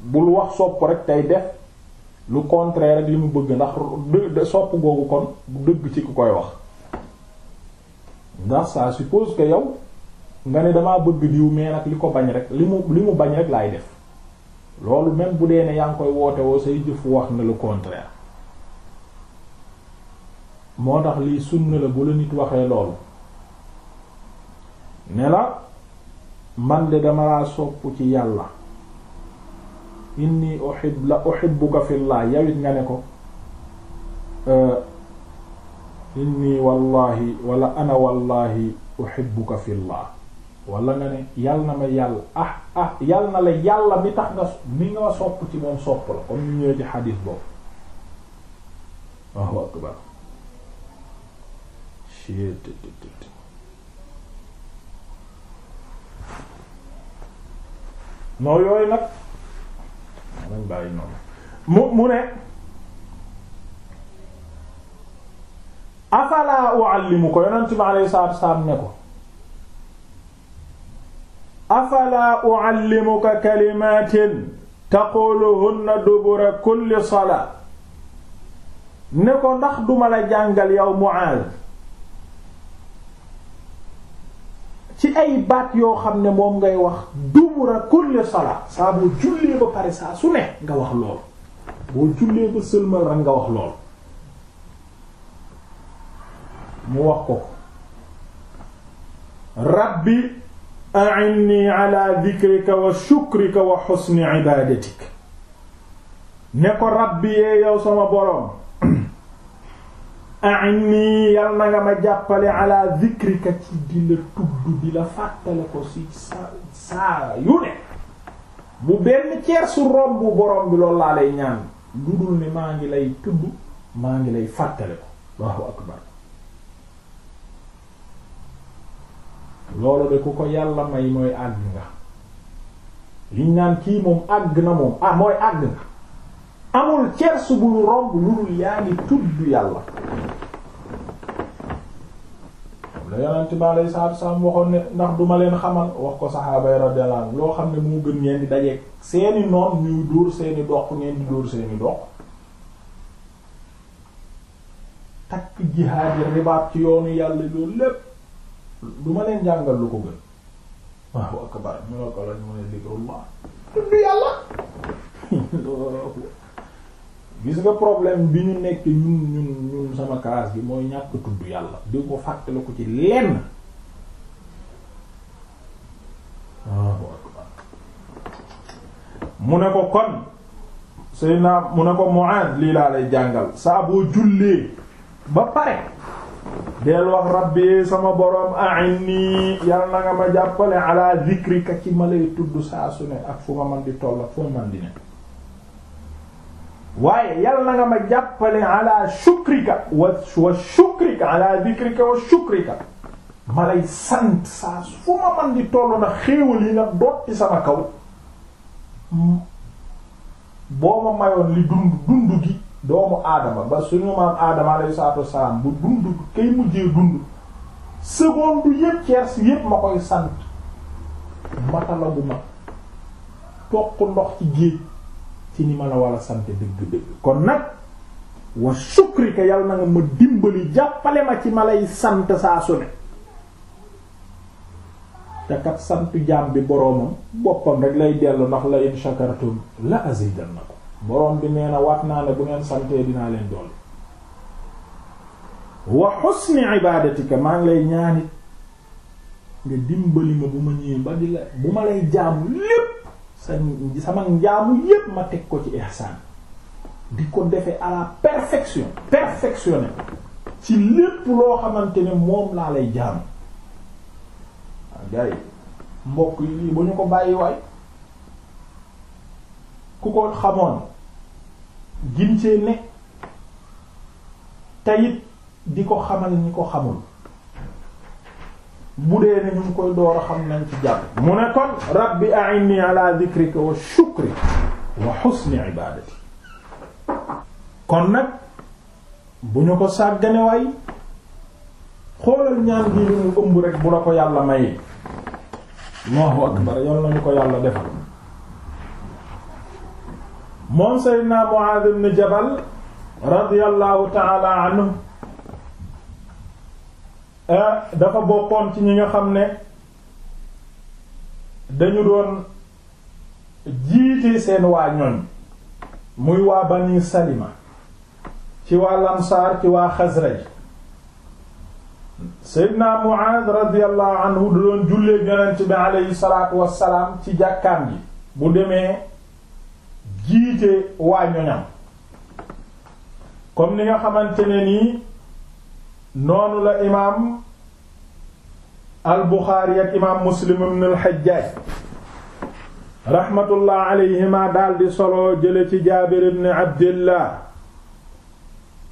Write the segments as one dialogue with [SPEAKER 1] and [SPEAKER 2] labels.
[SPEAKER 1] bul wax sopp rek tey def lu contraire li mu bëgg ndax sopp googu kon bu dëgg ci ku koy wax ndax ça suppose que yow nga ne damaa bëgg diw mais nag li ko bañ rek li mu li mu bañ rek laay def loolu même bu dee ne yaa ngi koy woote woo say jëf wax na le contraire moo tax lii sunna la bu la nit waxee loolu ne la man de dama laa sopp ci yàlla inni uhib la uhibbuka fillah yawit nga ne ko euh, inni wallahi wala ana wallahi uhibbuka fillah wala nga ne yàlla na ma yàlla ah ah yàlla na la yàlla mi tax nga mi nga sopp ci moom sopp la comme ñu ñëwee ci xadiis boobu noo yooyu nag nañ bàyyi noonu mu mu ne afala uallimu ko yonent bi alayhi salaatu wasalaam ne ko afala uallimuka kalimatin taquluhunna dubura kulli salaa ne ko ndax duma la jàngal yow Muaaz ci ay baat yoo xam ne moom ngay wax dubura kulli sala saa boo jullee ba pare saa su ne nga wax lool boo jullee ba sëlmal rek nga wax lool mu wax ko rabbi a'inni ala dhikrika wa shukrika wa husni ibadatik ne ko rabbi yee yow sama boroom a'inni yal na nga ma jàppale ala zikrika ci di la tudd di la fàttale ko si saa saa yu ne bu benn ceersu romb borom bi loolu laa lay ñaan dudul ni maa ngi lay tudd maa ngi lay fàttale ko Allahu akbar loolu de ku ko yàlla may mooy àgg nga liñ naan kii moom àgg na moom ah mooy àgg nga amul ceersu bu romb lu dul yaa tudd yàlla moom la yonent bi alayhi salaatu waxoon ne ndax duma leen xamal wax ko saxaaba yi radiyallahu loo xam ne mu gën ngeen di seeni noon ñuy dóor seeni doq ngeen di dóor seeni doq takk jihaad yi ribaat ci yoonu yàlla loolu lépp duma leen jàngal lu ko gën waaw akbar ñu la ko lañ mu ne zikrullah tudd yàlla gis nga problème bi ñu nekk ñun ñun ñun sama classe bi mooy ñàkk tudd yàlla di ko fàttale ko ci lenn mu ne ko kon sëy naa mu ne ko Mu'aad lii laa lay jàngal saa boo jullee ba pare del wax rabbi sama boroom a'inni yàlla na nga ma jàppale ala zikrika ci ma lay tudd saa su ne ak fu ma man di toll ak fu ma man di ne waaye yal na nga ma jàppale ala shukrika wa shukrika ala dhikrika wa shukrika ma lay sant saa fu ma man di tollu na xéewal yi nga dotti sama kaw boo mayoon li dund dund gi doomu aadama ba suñu maam aadama alayhi dund kay mujjee dund seconde yépp tiers yépp ma koy sant matala toq ndox ci géej ci ñi ma la war a sant dëgg-dëgg kon nag wa sukrika yal na nga ma dimbali jàppale ma ci ma lay sant saa su ne te kat sant jaam bi boroomam boppam rek lay dellu ndax la in shakartum la azidannakum boroom bi nee na waat naa ne bu ngeen santee dinaa leen dolli wa husni ibadatika maa ngi lay ñaanit nga dimbali ma bu ma ñëwee ba di la bu ma lay jaamu lépp sa sama njaamu yépp ma teg ko ci ihsaan di ko defe à la perfection perfectionné ci lépp loo xamante ne moom laa lay jaamu ah, gars mbokk yi lii ñu ko bàyyi waay ku ko xamoon gin cee ne tayit di ko xamal ñi ko xamul bu dee ne ñu ngi koy door a xam nañ ci jàpp mu ne kon rabbi a'inni ala dhikrika wa shukri wa husni ibadati kon nag bu ñu ko sàggane waay xoolal ñaan gi mu ëmb rek bu la ko yàlla mayee Allahu akbar yal nañu ko yàlla defal moom Seydina Mu'adh ibn Jabal radiyallahu ta'ala anhu Ah, dafa bokkoon ci ñi nga xam ne dañu doon jiite seen waa ñoñ muy waa bani salima ci waa lamsaar ci waa xasraj seydna muaad radiallahu anhu da doon jullee yonent bi aleyhi salaatu wassalaam ci jàkkaam ji bu demee jiite waa ñoñam comme ni nga xamante ne nii noonu la imaam al Buxaari ak imaam Muslim ibn al Hajjaj raxmatullah alayhima daldi solo jële ci Jaabir ibn Abdillah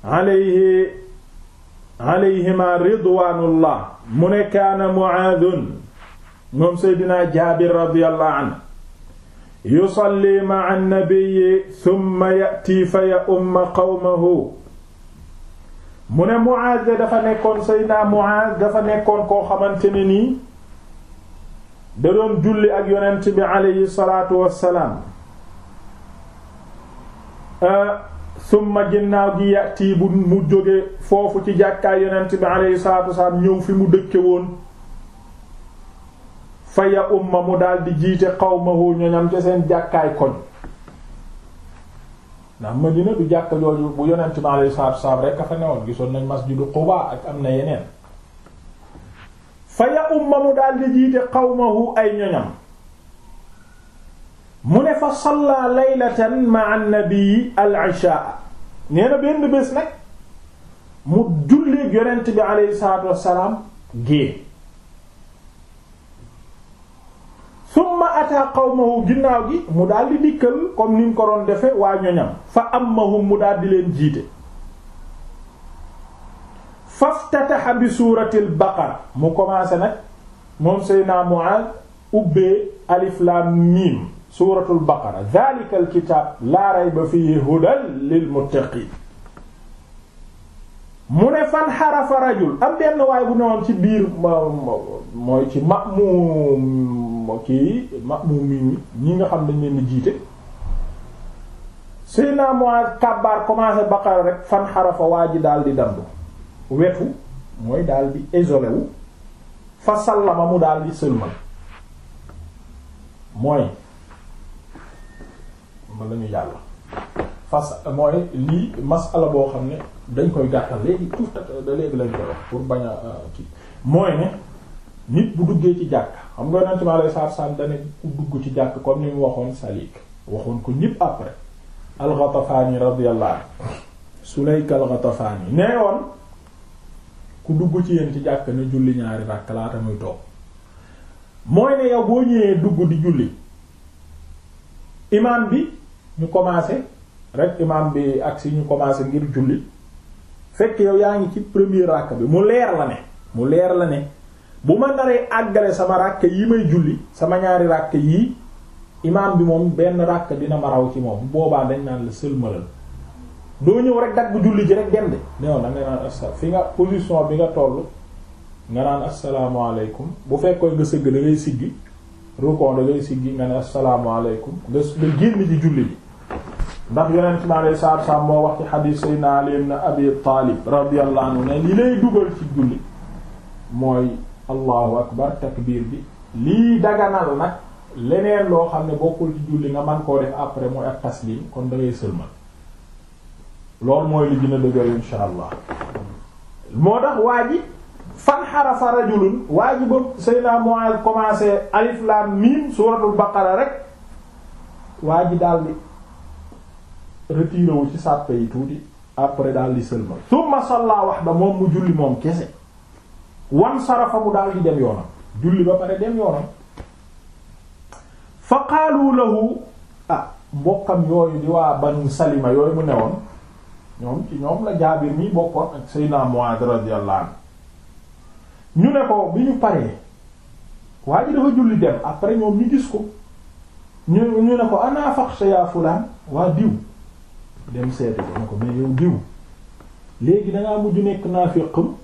[SPEAKER 1] alayhi alayhima ridwaanullah mu ne kaana Muaadun moom seydina Jaabir radiyallahu anhu yusalli ma'a an-nabiyyi thumma ya'ti fa ya'ummu qawmahu mu ne Muaaz de dafa nekkoon sey Seydina Muaaz dafa nekkoon koo xamante ne nii da doon julli ak yonent bi aleyhi salaatu wassalaam summa ginnaaw gi yàtti bu mu jóge foofu ci jàkkaay yonent bi aleyhi salaatu wassalaam ñëw fi mu dëkke woon fa ya umma mu daldi jiite xawmahu ñoñam ca seen jàkkaay koñ ndax Madina du jàkka jooju bu yonent bi alayhi salaatu salaam rek a fa newoon gisoon nañ masjidu Quba ak am na yeneen fa ya umma mu daal di jiite qawmahu ay ñoñam mu ne fa salla laylatan ma'a an-nabi al-isha nee benn bés nag mu julleeg yonent bi alayhi salaatu wassalaam gée summa ataa qawmahu ginnaaw gi mu daal di dikkal comme ni mu ko doon defe waa ñoñam fa ammahum mu daal di leen jiite faftataha bi suuratil baqara mu commencé nag moom Seydina Mu'aaz ubbee alif laam miim suuratul baqara zaalikal kitaab laa rayba fiihi lil muttaqiin mu ne fan xarafa rajul am benn waay bu newoon ci biir mooy ci ma'muum kii ma'muum yi ñii nga xam dañ leen di jiite Seydina Muaaz kàbbaar commencé baqara rek fan xarafa waa ji daal di dandu wetu mooy daal di isolé wu fa sallama mu daal di sëlmal mooy ma la ñu yàlla fas mooy lii masala boo xam ne dañ koy gàttal léegi tout da léegi lañ koy wax pour bañ a euh, kii mooy ne nit bu duggee ci jàkk xam nga yonent bi alayhi salaatu salaam dana ku dugg ci jàkk comme ni mu waxoon salik waxoon ko ñëpp après al-Ghatafani radiyallahu anhu Sulayk al-Ghatafani nee woon ku dugg ci yéen ci jàkk ne julli ñaari ràkk laata muy toog mooy ne yow boo ñëwee dugg di julli imaam bi ñu commencé rek imaam bi ak si ñu commencé ngir julli fekk yow yaa ngi ci premier ràkk bi mu leer la ne mu leer la ne bu ma naree àggale sama ràkk yi may julli sama ñaari ràkk yi imaam bi moom benn ràkk dina ma raw ci moom boobaa dañ naan la sëlmalal doo ñëw rek dagg julli ji rek dem de non da nga naan asa fi nga position bi nga toll nga naan bu fekkoon nga sëgg da ngay siggi ruukoo da ngay siggi nga ne asalaamaaleykum nga nga génn ci julli bi ndax yonent mi alayhi salaatu wa moo wax ci xadiis Seydina Ali ibn Abi Taalib radiyallahu anhu ne li lay dugal ci julli mooy allahu akbar takbiir bi lii daganal nag leneen loo xam ne bokkul ci julli nga man koo def après mooy ak taslim kon da ngay sëlmal loolu mooy li dina dëgër insha allah moo tax waa ji fan xarafa rajulun waa ji ba Seydina Mu'adh commencé alif suuratul baqara rek waa ji di retiré wu ci sàppe yi tuuti après daal di sëlmal summa salla wahda moom mu julli moom kese wan sarafa mu daal di dem yoonam julli ba pare dem yoonam fa qaalu lahu ah mbokkam yooyu di waa banu salima yooyu mu newoon ñoom ci ñoom la jaabir mi bokkoon ak sayyidina Mu'aad radiyallahu anhu ñu ne ko bi ñu paree waa julli dem après ñoom ñu gis ko ñu ñu ne ko ana faxsha yaa fulaan waa diw dem seetu ko ne ko mais yow diw léegi dangaa mujj nekk naafiqam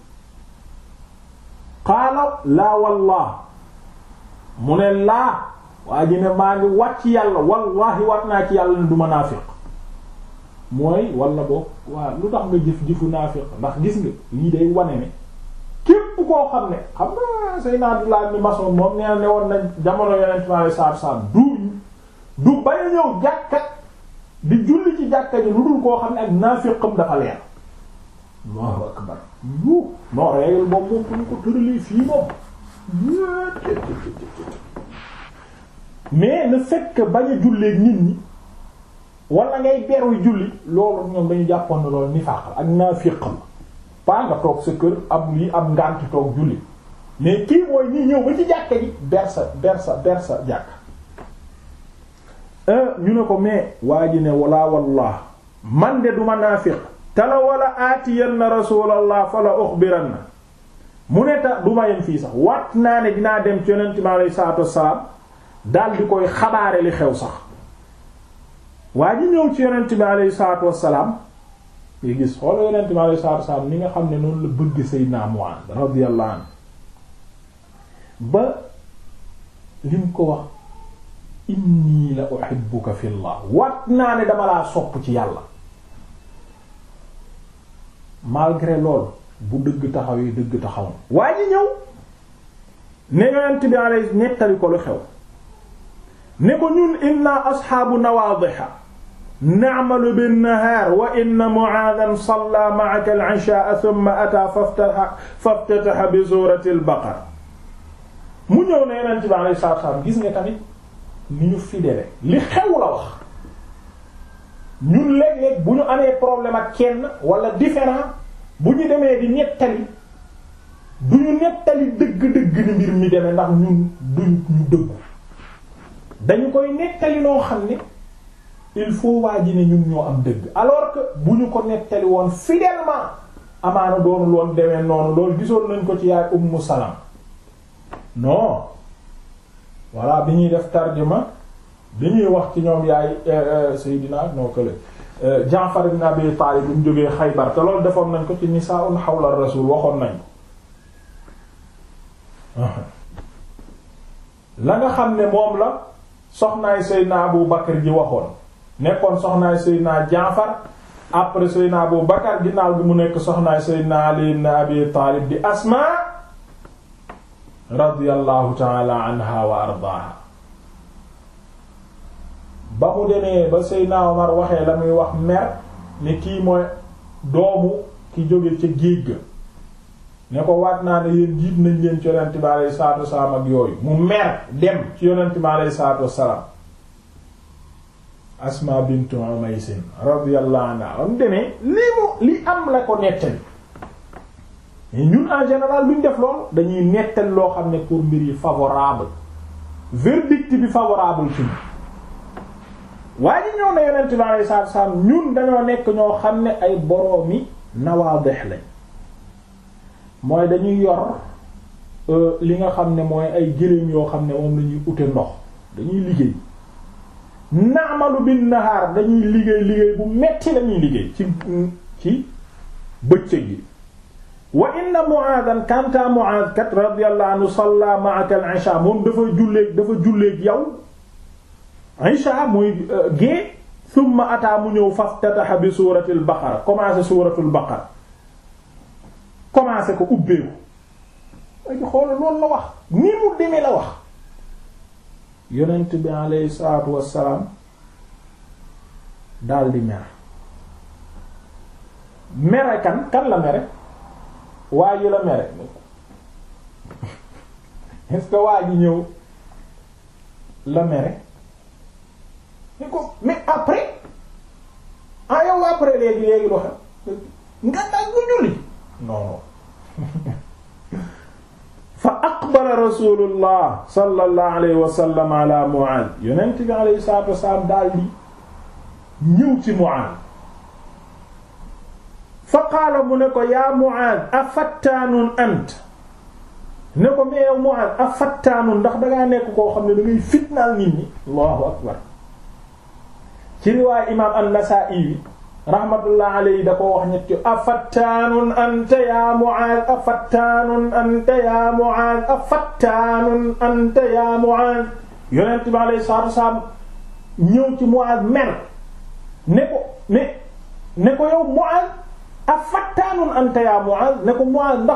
[SPEAKER 1] qaala laa wallah mu ne laa waa ji ne maa ngi wàcc yàlla wallahi wat naa ci yàlla ne du ma naafiq mooy wala boog waaw lu tax nga jëf jëfu naafiq ndax gis nga lii day wane ne képp koo xam ne xam nga Seydina Abdullah ibn Mas'ud moom nee na ne woon nañ jamono yeneen maa saab saab du du bay ñëw jàkka di julli ci jàkka ji lu dul koo xam ne ak naafiqam dafa leer Allahu akbar non réegl moom moom bu ñu ko tëralee fii moom mais le fait bañ a jullee nit ñi wala ngay beru julli loolu ñoom dañu jàppoon ne loolu nifaaq la ak naafiq la pas nga toog sa kër am lii am ngànti toog julli mais kii mooy ñii ñëw ba ci jàkka ji bersa bersa bersa jàkka euh, ñu ne ko mais waa ji ne wala wallah man de duma naafiq tala wala aatiyanna rasulallah fala uxbiranna mu ne ta du ma fii sax wat naa ne dinaa dem ci yonent bi alayhi salaatu wassalaam di koy xabaare li xew sax waa ji ñëw ci yonent bi alayhi salaatu wassalaam yi ni nga xam ne noonu la bëgg Seydina Mu'aaz radiyallahu anhu ba lim ko wax inni la uhibbuka fillah wat naa ne dama laa sopp ci yàlla malgré lool bu dëgg taxawee dëgg taxaw na waa ji ñëw ne yonent bi alay nettali ko lu xew ne ko ñun inna asxaabu nawaadiha na'malu bin-nahaar wa inna Mu'aadan salla ma'aka al-'ishaa'a thumma ataa faftataha bi suurati al-baqara mu ñëw ne yonent bi alay salaam gis nga tamit ni ñu fidèle li xew la wax ñun léeg-léeg bu ñu amee problème ak kenn wala différent bu ñu demee di nettali du ñu nettali dëgg-dëgg ni mbir mi demee ndax ñun duñ ñu dëggu dañu koy nettali noo xam ne il faut waa ji ne ñun ñoo am dëgg alors que bu ñu ko nettali woon fidèlement amaana doonu loon demee noonu loolu gisoon nañ ko ci yaay ummu salaam non voilà bi ñuy def tarjuma bi ñuy wax ci ñoom yaay eh, eh, Seydina noo kële eh, Jaafar ibn Abi Taalib bu mu jógee Xaybar te loolu defoon nañ ko ci nisaa'un hawla rasul waxoon nañ ko la nga xam ne moom la soxnaay Seydina Abu Bakar ji waxoon nekkoon soxnaay Seydina Jaafar après Seydina Abu Bakar ginnaaw bi mu nekk soxnaay Seydina Ali ibn Abi Taalib di Asmaa radiyallahu ta'ala wa ardaaha ba mu demee ba Seydina Omar waxee la muy wax mer ne kii mooy doomu ki jóge ca géej ga ne ko waat naa ne yéen jiit nañ leen ci yonent bi aleyhi salaatu wasalaam ak yooyu mu mer dem ci yonent bi aleyhi salaatu wasalaam Asma bintu Umays radiyallahu anha am demee li mu li am la ko nettali ñun en général luñ def loolu dañuy nettali loo xam ne pour mbir yi favorable verdict bi favorable ci waaye ji ñëw ne yonent bi alayhi salaatu wasallam ñun dañoo nekk ñoo xam ne ay boroomi nawaadih lañ mooy dañuy yor euh, li nga xam ne mooy ay jëriñ yoo xam ne moom lañuy ute ndox dañuy liggéey naamalu bin nahaar dañuy liggéey liggéey bu metti lañuy liggéey ci ci bëccëg gi wa inna Mu'aadan kanta Mu'aad kat radiyallahu anhu salla ma'aka al moom dafa julleeg dafa julleeg yow isha muy euh, gée summa ataa mu ñëw faftataha bi suuratul baqara commencé suuratul baqara commencé ko ubbeeku ay xoolal loolu la wax ni mu demee la wax yonent bi alayhi salaatu wassalaam daldi mer mere kan kan la mere waa ji la mere est waa ji ñëw la mere ni ko mais après ah yow après léegi léegi loo xam nga daal nga julli
[SPEAKER 2] non non
[SPEAKER 1] fa aqbala rasulullah sallallahu alayhi wa sallam ala Mu'aaz yonent bi alayhi salaatu wa daal di ñëw ci Mu'aaz fa qaala mu ne ko yaa Mu'aaz afattaanun ant ne ko mais yow Mu'aaz afattaanun ndax dangaa nekk koo xam ne dangay fitnaal nit ñi allahu akbar ci riwaay imaam an-Nasaa'i bi rahmatullah alayhi da wax ñetti afattaanun anta ya Mu'aaz afattaanun anta ya Mu'aaz afattaanun anta ya Mu'aaz yonent bi alayhi salaatu wasalaam ñëw ci ne ko ne ne ko yow anta ya Mu'aaz ne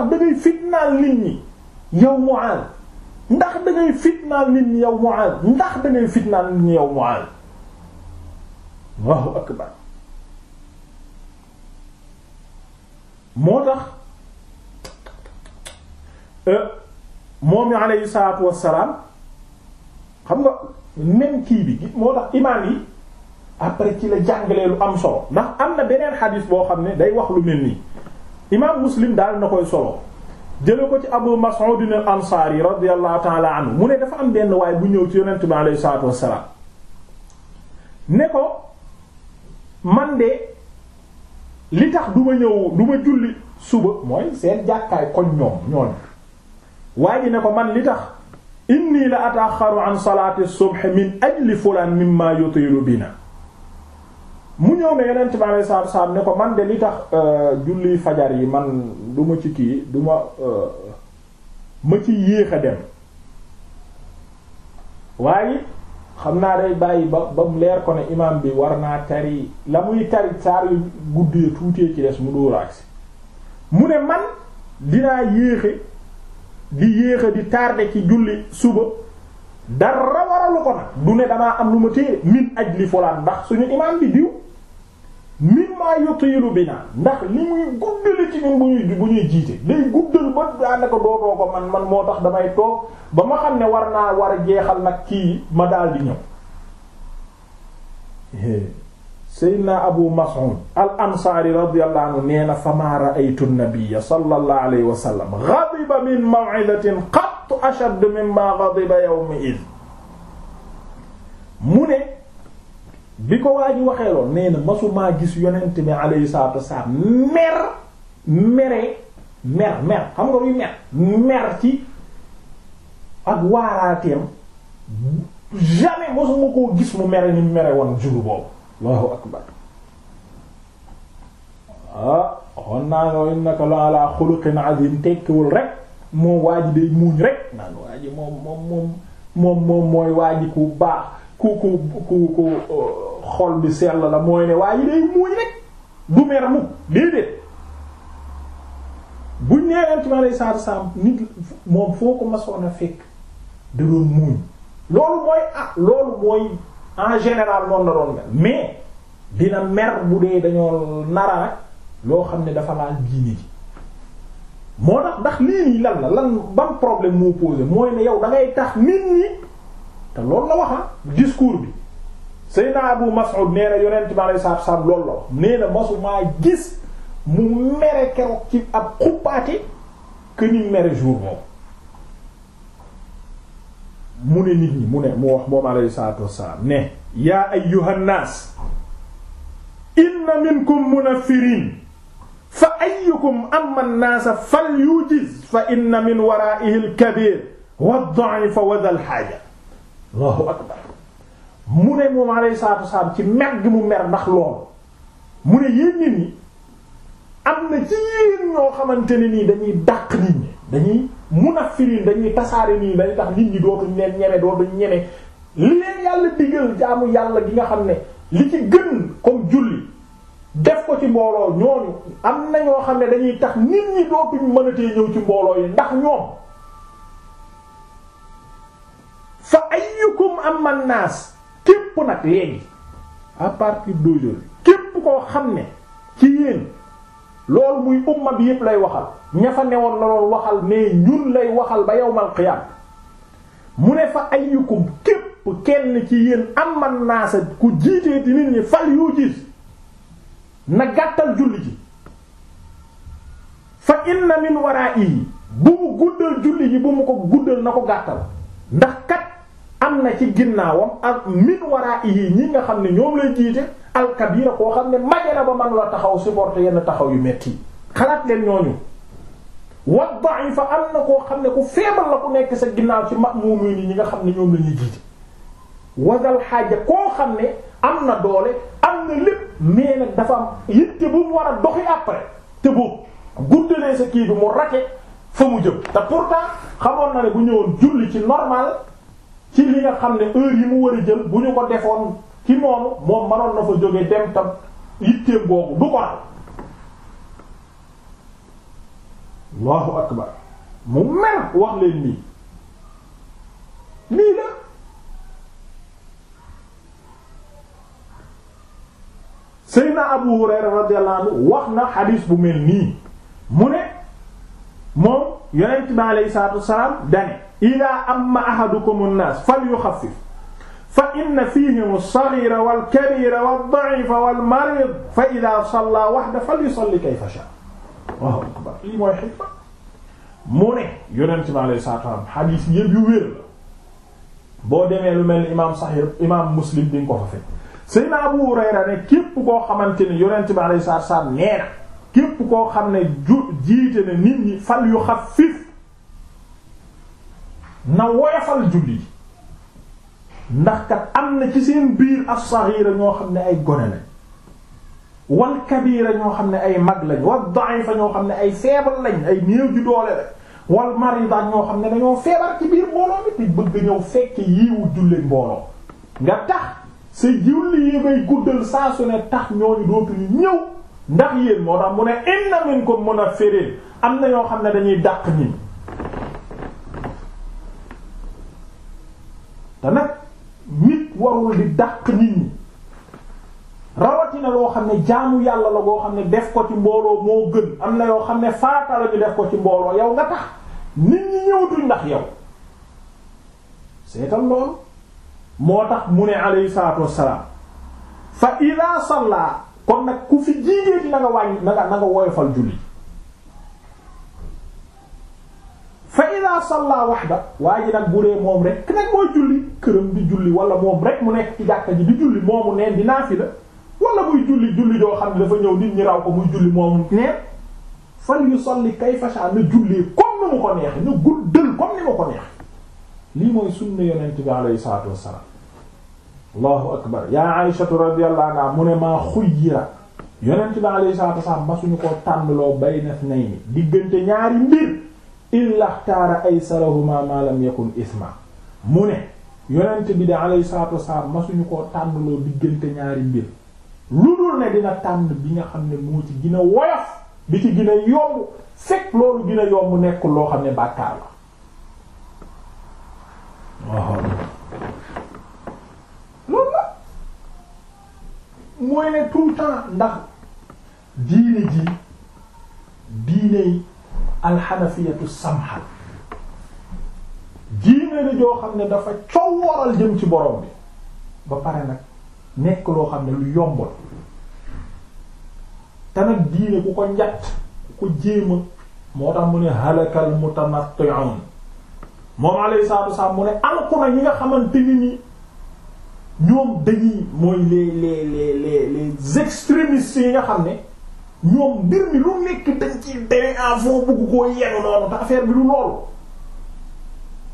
[SPEAKER 1] ndax dangay fitnaal nit ñi yow Mu'aaz ndax dangay fitnaal nit ñi yow Mu'aaz Allahu akbar moo tax euh, moom mi aleyhi salaatu wassalaam xam nga même kii bi moo tax imaam yi après ci la jàngalee lu am solo ndax am na beneen xadiis boo xam ne day wax lu mel nii imaam muslim daal na koy solo jële ko ci abu mas'ud al-ansari radiyallahu ta'ala anhu mu ne dafa am benn waaye bu ñëw ci yonent bi aleyhi salaatu wassalaam ne ko man de li tax duma ñëw duma ma julli suba mooy seen jàkkaay koñ ñoom ñooñ waa ji ne ko man li tax inni la ataxaru an salaati subh min ajli fulan mimma yutilu bina mu ñëw ne ci maanaam saab saab ne ko man de li tax euh, julli fajar yi man du ci kii duma ma euh, ma ci yéex a dem waaye xam naa day bàyyi ba ba mu leer ko ne imaam bi war naa tari la muy tari saar yu guddee tuutee ci des mu dóor agsi mu ne man dinaa yéexe di yéexe di tardé ci julli suba dara waralu ko nag du ne damaa am lu ma téye min aj li fulaan ndax suñu imaam bi diw maa yutilu bina ndax li muy guddale ci ñun bu ñuy jiite day guddal ba daanaka dootoo ko man man moo tax damay toog ba ma xam ne war naa war a jeexal nag kii ma daal di ñëw Seydina Abu Mas'ud al ansaari radiyallahu anhu nee na famaa ra'aytu nabiyya sallallahu alayhi wa sallam ghadiba min maw'izatin qat ashad mimma ghadiba yawma'idh mu ne bi ko waa ji waxee lool nee na masumaa gis yonent bi alayhi salaatu wasalaam mer meree mer mer xam nga luy mer mer ci ak waaraateem jamais masuma koo gis mu mere ni mere woon juru boobu allahu akbar ah xon naa nga innaka la ala xuluqin azim tekkiwul rek moom waa day muuñ rek naan waa ji moom moom moom moom moom mooy waa ku baax ku ku ku ku xol bi sell la mooy ne waaye day muuñ rek du mer mu déedéet buñ nee ci ma lay saatu saam nit moom foo ko masoon a fekk da doon muuñ loolu mooy ah loolu mooy en général noonu la doon mel mais dina mer bu dee dañoo nara loo xam ne dafa laal diine ji moo tax ndax lii nii lan la lan ban problème moo posé mooy ne yow da tax nit ñi te loolu la waxa ah, discours bi Seydina Abu Mas'ud nee na yonent bi alei saatu salaam loolu la wax nee na masumaa gis mu mere keroog ci ab xuppaate que ni mere jour moom mu ne nit ñi mu ne mu wax moom aleyhi salatu wasalaam ne yaa ayyuhan naas inna minkum munafirin fa ayyukum amma an-naasa falyujiz fa inna min waraa'ihi al-kabiir wad-da'ifa wa dhal haaja allahu akbar mu ne moom alayhi salaatu wasalaam ci mer gi mu mer ndax loolu mu ne yéen nit am na ci yéen ñoo xamante ne nii dañuy dàq nit ñi dañuy munafirin dañuy tasaare nii dañuy tax nit ñi dootuñ leen ñeme dootuñ ñeme li leen yàlla digal jaamu yàlla gi nga xam ne li ci gën comme julli def ko ci mbooloo ñooñu am na ñoo xam ne dañuy tax nit ñi dootuñ mënatee ñëw ci mbooloo yi ndax ñoom fa ayyukum am man naas képp nag léegi à partir d'aujourd'hui képp koo xam ne ci yéen loolu muy umma bi yépp lay waxal ña fa newoon la doon waxal mais ñun lay waxal ba yawmal qiyaam mu ne fa ayyukum képp kenn ci yéen am ku jiitee di nit ñi fal yoo gis na gàttal julli ji fa inna min waraa'i bu mu guddal julli ji bu mu ko guddal na ko gàttal ndax kat am na ci ginnaawam ak min waraa'ihi ñi nga xam ne ñoom lay jiite alkabira koo xam ne majara ba man taxaw supporter yenn taxaw yu metti xalaat leen ñooñu wa da'ifa am na koo xam ne ku feebal ku nekk sa ginnaaw ci ma'muumiin yi ñi nga xam ne ñoom la ñuy jiite wadal xaaja koo xam ne am na doole am na lépp mais nag dafa am bu mu war a doxi après te boobu guddalee sa kii bi mu rate fa mu jëm te pourtant xamoon na ne bu ñëwoon julli ci normal ci li nga xam ne heure yi mu war a jël bu ñu ko defoon ci noonu moom mënoon na fa jóge dem tam yitteem boobu du ko am allahu akbar mu mer wax leen nii lii la Seydina Abu Hurayra radiyallahu anhu wax na xadiis bu mel nii mu ne moom yonent bi aleyhi salaatu wasalaam dane ida amma ahadukum an-nas falyukhaffif fa inna fihim as-saghira wal-kabira wad-da'ifa wal-marid fa ida salla wahda falyusalli kayfa sha'a Allahu akbar lii mooy xikma mu ne yonent bi aleyhi salaatu wasalaam xadiis yëpp yu wér la boo demee lu mel ni imaam Sahih imaam Muslim di nga ko fa fekk Seydina Abu Hurayra ne képp koo xamante ni yonent bi aleyhi salaatu wasalaam nee na képp koo xam ne ju jiite ne nit ñi fal yu xafif na woyofal julli ndax kat am na ci seen biir as-saghira ñoo xam ne ay gone lañ wal kabira ñoo xam ne ay mag lañ wal da'ifa ñoo xam ne ay feebar lañ ay néew ju doole lañ wal marida ñoo xam ne dañoo feebar ci biir mbooloo mi te bëgg ñëw fekk yiiwu julli mbooloo nga tax sa julli yi ngay guddal saa su ne tax ñooñu dootuñu ñëw ndax yéen moo tax mu ne inna minkum munafirin am na yoo xam ne dañuy dàq ñi te nag nit warul di dàq nit ñi rawatina loo xam ne jaamu yàlla la boo xam ne def ko ci mbooloo moo gën am na yoo xam ne farata la ñu def ko ci mbooloo yow nga tax nit ñi ñëwatuñ ndax yow seetal loolu moo tax mu ne alayhi salaatu wassalaam fa ila salla kon nag ku fi jiigéen na nga wàññ na nga na nga woyofal julli fa ida salla waxda waa ji nag bu moom rek nag mooy julli këram di julli wala moom rek mu nekk ci jàkka ji di julli moomu neen di naafila wala muy julli julli joo xam ne dafa ñëw nit ñi raw ko muy julli moomu neen fal yusalli kayfa sha na jullee comme ni mu ko neex na guddal comme ni mu ko neex lii mooy sunna yonent bi alayhi salaatu wassalaam allahu akbar yaa Aysatu radiyallahu anha mu ne maa xuyyira yonent bi alayhi salaatu wasalaam masuñu koo tànnloo bayna isnayni diggante ñaari mbir illa xtaara aysarahuma ma lam yakun isma mu ne yonent bi de alayhi salaatu wasalaam masuñu koo tànnloo diggante ñaari mbir lu dul ne dina tànn bi nga xam ne moo ci gën woyof bi ci gën a yomb fekk loolu gën yomb nekkul loo xam ne bàkkaar la mooy ne tout le temps ndax diine ji diiney alxanafiyatu samha diine la joo xam ne dafa coworal jëm ci borom bi ba pare nag nekk loo xam ne lu yombal te nag diine ku ko njatt ku ko jéema moo tax mu ne halakal mutamatti'un moom alayhi salaatu wasallam mu ne alku na ñi nga xamante ni nii ñoom dañuy mooy les les les les les extrémistes yi nga xam ne ñoom mbir mi lu nekk dañ ci dere en fond bugg koo yenu noonu te bi lu loolu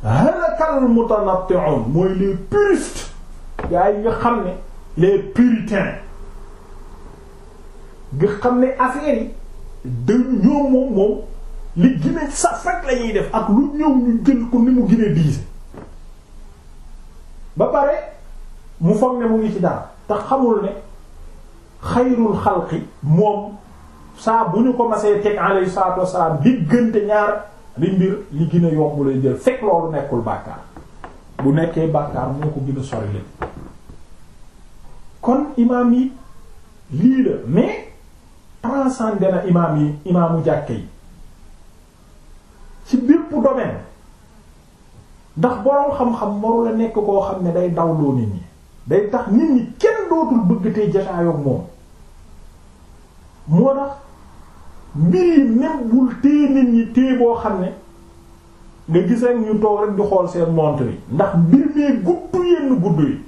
[SPEAKER 1] halakal mutanatti'un mooy les puristes gaa yi nga xam ne les puritains nga xam ne affaire yi dañu ñoom moom moom li gine sax rek def ak lu ñëw ñu jël ko ni mu gine diise ba pare mu foog ne mu ngi ci dara te xamul ne xayrul xalqi moom saa bu ñu ko masee teg alayhi salaatu wassalaam diggante ñaar li mbir li gën a yomb lay jël fekk loolu nekkul bàkkaar bu nekkee bàkkaar moo ko gën a yi lii la mais transcendé na imaam yi imaamu jàkke yi ci bépp domaine ndax boroom xam-xam waru la nekk koo xam ne day dawloo nit ñi day tax nit ñi kenn dootul bëgg tey jataayoog moom moo tax mbiri même bul téye nit ñi téye boo xam ne nga gis rek ñu toog rek di xool seen montre yi ndax mbir mee gudd yenn gudd yi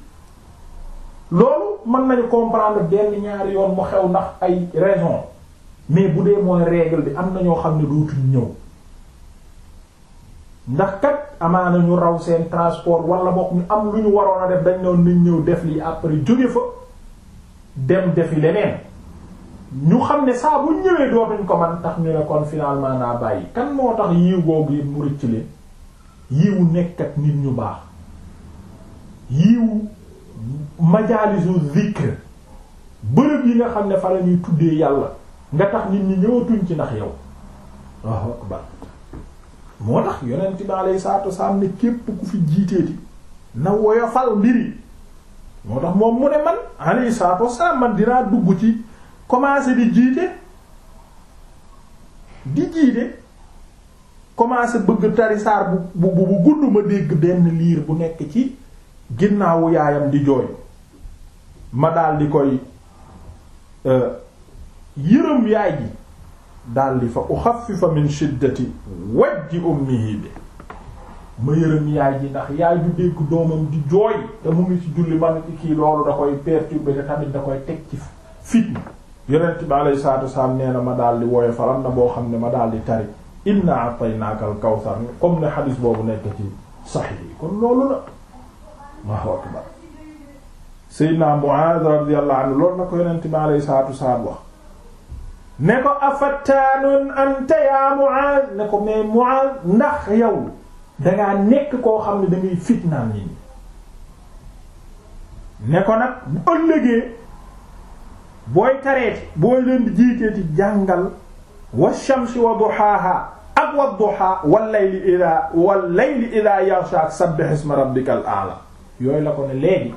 [SPEAKER 1] loolu mën nañu comprendre benn ñaari yoon mu xew ndax ay raison mais bu dee mooy règle bi am na ñoo xam ne dootuñ ñëw ndax kat amaana ñu raw seen transport wala bokk ñu am lu ñu waroon a def dañ noon nañ ñëw def lii après jóge fa dem defi leneen ñu xam ne saa bu ñëwee dootuñ ko man tax ñu ne kon finalement naa bàyyi kan moo tax yiw googu mu rëcc leen yiwu nekk ak nit ñu baax yiwu majaalisu zikr bërëb yi nga xam ne fa la ñuy tuddee yàlla nga tax nit ñi ñëwatuñ ci ndax yow moo tax yonent bi alayhi salaatu wasalaam ne képp ku fi jiiteeti na woyofal mbiri moo tax moom mu ne man alayhi salaatu wasalaam man dinaa dugg ci commencer di jiite di jiite commencer bëgg tari saar bu bu bu gudd ma dégg benn liir bu nekk ci ginnaawu yaayam di jooy ma dal di koy euh, yërëm yaay ji daldi fa uxaffifa min shiddati wajji ummihi bi ma yërëm yaay ji ndax yaay ju dégg doomam di jooy te mu ngi si julli man ci kii loolu da koy perturbé te tamit da koy teg ci fitna yonent bi alayhi salaatu wasalaam nee na ma daldi wooye faram na boo xam ne ma daldi tari inna a'taynaaka al-kawsar comme ne xadis boobu nekk ci saxiix yi kon loolu la Allahu akbar Seydina Muaaz radiyallahu anhu loolu na ko yonent bi alayhi salaatu wax ne ko afattaanun anta yaa Muaaz ne ko mais Muaaz ndax yow dangaa nekk koo xam ne dangay fitnaal nit ñi ne ko nag bu ëllëgee booy tareeti booy leen jiiteeti jàngal wa shamsi wa duhaaha ak wa duhaa wal layli idaa wal layli idaa yaghsha sabbih isma rabbikal a'la yooyu la ko ne léegi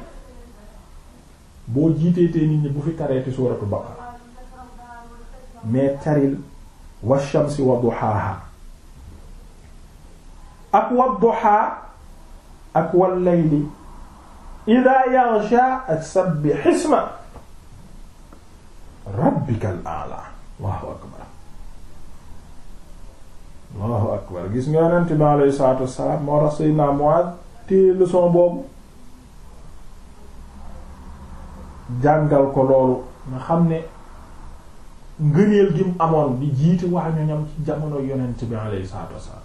[SPEAKER 1] boo jiiteetee nit ñi bu fi tareeti suuratu Baqara mais taril wa shamsi wa duhaaha ak wa duhaa ak wal layli idaa yaghsha ak sabbi xisma rabbikal a'la allahu akbar allahu akbar gis nga yonent bi alayhi salaatu wassalaam moo tax Seydina Muaad téye leçon boobu jàngal ko loolu nga xam ne ngëneel gi mu amoon di jiite waa ñoñam ci jamono yonent bi alayhi salaatu wasallam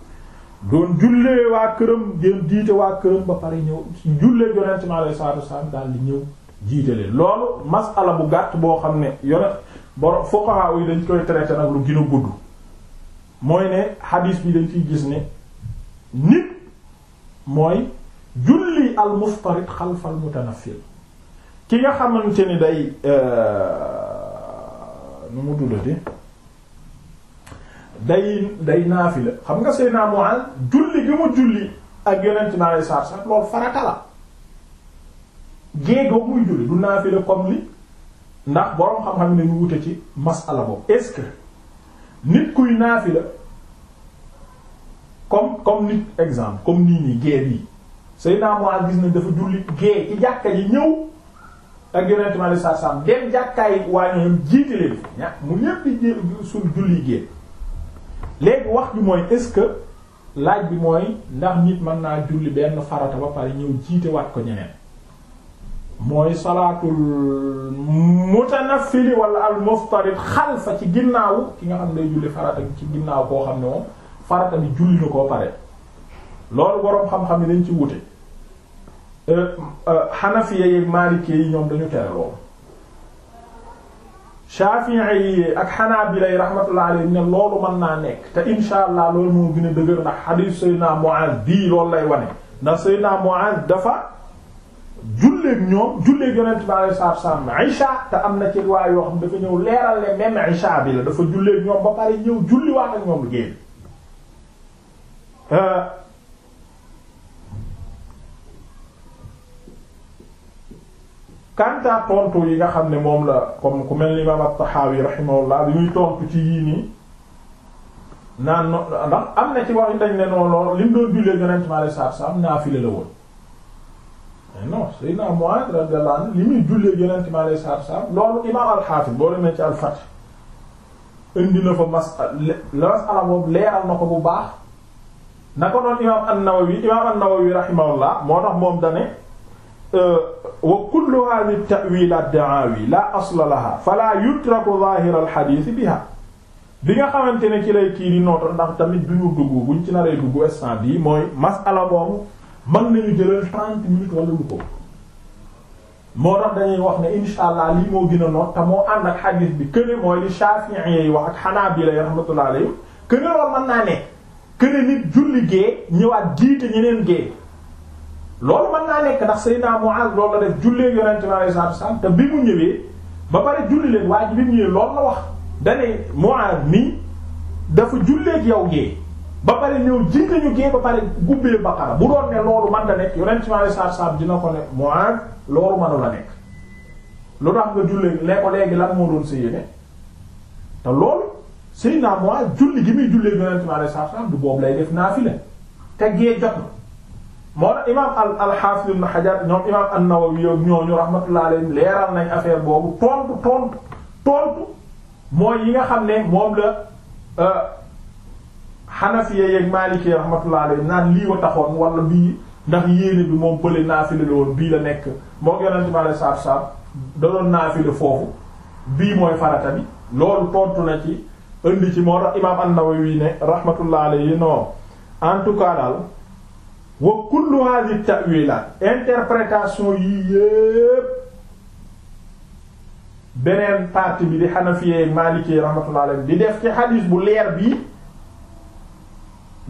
[SPEAKER 1] doon jullee waa këram doon jiite waa këram ba pare ñëw jullee yonent bi alayhi salaatu wasallam daal di ñëw jiite leen loolu masala bu gàtt boo xam ne yonent boro fuqaha yi dañ koy traité nag lu gën a gudd mooy ne hadis bi dañ ciy gis ne nit mooy julli al muftarid xalfal mutanaffil ki nga xamante ni day euh, nu mu tuddati day day naafila xam nga Seydina Mu'aaz julli gi mu julli ak yonent bi alayhi salaatu salaam loolu farata la géegoo muy julli du naafila comme li ndax boroom xam-xam ne ñu wute ci masala boobu est nit kuy naafila comme comme nit exemple comme nii nii gée bii Seydina Mu'aaz gis nañ dafa julli gée ci jàkka ji ñëw ak yonent mi alayhi salaam dem jàkkaay waa ñoom jiite leen ña mu ñépp di suñ julli génn léegi wax bi mooy est-ce que laaj bi mooy ndax nit mën naa julli benn farata ba pare ñëw jiite waat ko ñeneen mooy salaatul mutanafili wala al xal sa ci ginnaaw ki nga xam ne julli farata ci ginnaaw koo xam ne moom farata bi julli na koo pare loolu boroom xam-xam yi dañ ci wute xanafiya euh, euh, yi maaliki yi ñoom dañu tere loolu shafi'i yi ak xanaabila yi rahmatullah alayhim ne loolu mën naa nekk te insha allah loolu moo gën dëgër ndax xadiis Seydina Mu'aaz bii loolu lay wane ndax Seydina Mu'aaz dafa julleeg ñoom julleeg yonent bi alayhi salaatu salaam isha te am na ci riwaaya yoo xam dafa ñëw leeral ne même isha bi la dafa julleeg ñoom ba pare ñëw julli waat ak ñoom liggéey kanta tontu yi nga xam ne moom la comme ku mel ni imam at-Tahawi rahimahullah bi muy tontu ci yii nii naan no ndax am na ci wax yi dañ ne noonu lool li mu doon jullee yonent mi alayhi salaatu salaam naafile la woon non Seydina Mu'aaz radiyallahu anhu li muy jullee yonent mi alayhi salaatu salaam loolu imam al-Hafiz boo demee ci al-Fath indi na fa masala masala boobu leeral na ko bu baax naka noonu imam an-Nawawi imam an-Nawawi rahimahullah moo tax moom dane Euh, wa kullu hadhihi ta'wilat da'awi la asla laha fala yutraku zahir al hadith biha bi nga xamante ne ci lay kii di nootal ndax tamit duñu dugg buñ ci naree dugg instant bii mooy masala boobu mën nañu jëlal trente minutes wala lu ko moo tax dañuy wax ne insha allah lii moo gën a noot te moo ànd ak xadiis bi këne mooy li Shafi'i yi wax ak Hanabila yi rahmatullah alayhi këne loolu nit julli gee ñëwaat jiite ñeneen gee loolu mën naa nekk ndax Seydina Muaz loolu la def jullee yonente bi alayhi salaatu wasallam te bi mu ñëwee ba pare julli leen waaye bi mu ñëwee loolu la wax dane Muaz nii dafa julleeg yow gee ba pare ñëw jiit nañu gee ba pare gubbee Baqara bu doon ne loolu man da nekk yonente bi alayhi salaatu wasallam dina ko ne Muaz loolu mënu la nekk lu tax nga jullee lee ko lan moo doon sa yéene te loolu Seydina Muaz julli gi muy jullee yonente bi alayhi salaatu wasallam du boobu lay def naafila te moo tax imaam al al-Hafiz ibn Hajar ñoom imaam an-Nawawi ñooñu rahmatullah alayhim leeral nañ affaire boobu tontu tontu tontu mooy yi nga xam ne moom la euh, Hanafiya yeeg Maliki rahmatullah alayhim naan lii wa taxoon wala bii ndax yéene bi moom bële naafile la bii la nekk moo ko yonente bi alei satu da naafile foofu bii mooy farata bi loolu tontu na ci indi ci moo imaam an-Nawawi ne rahmatullah alayhi non en tout cas daal wa kullu hadhihi ta'wilat interprétation yii yépp beneen partie bi di xanafiyee maalikee rahmatullah alayhi di def ci xadiis bu leer bi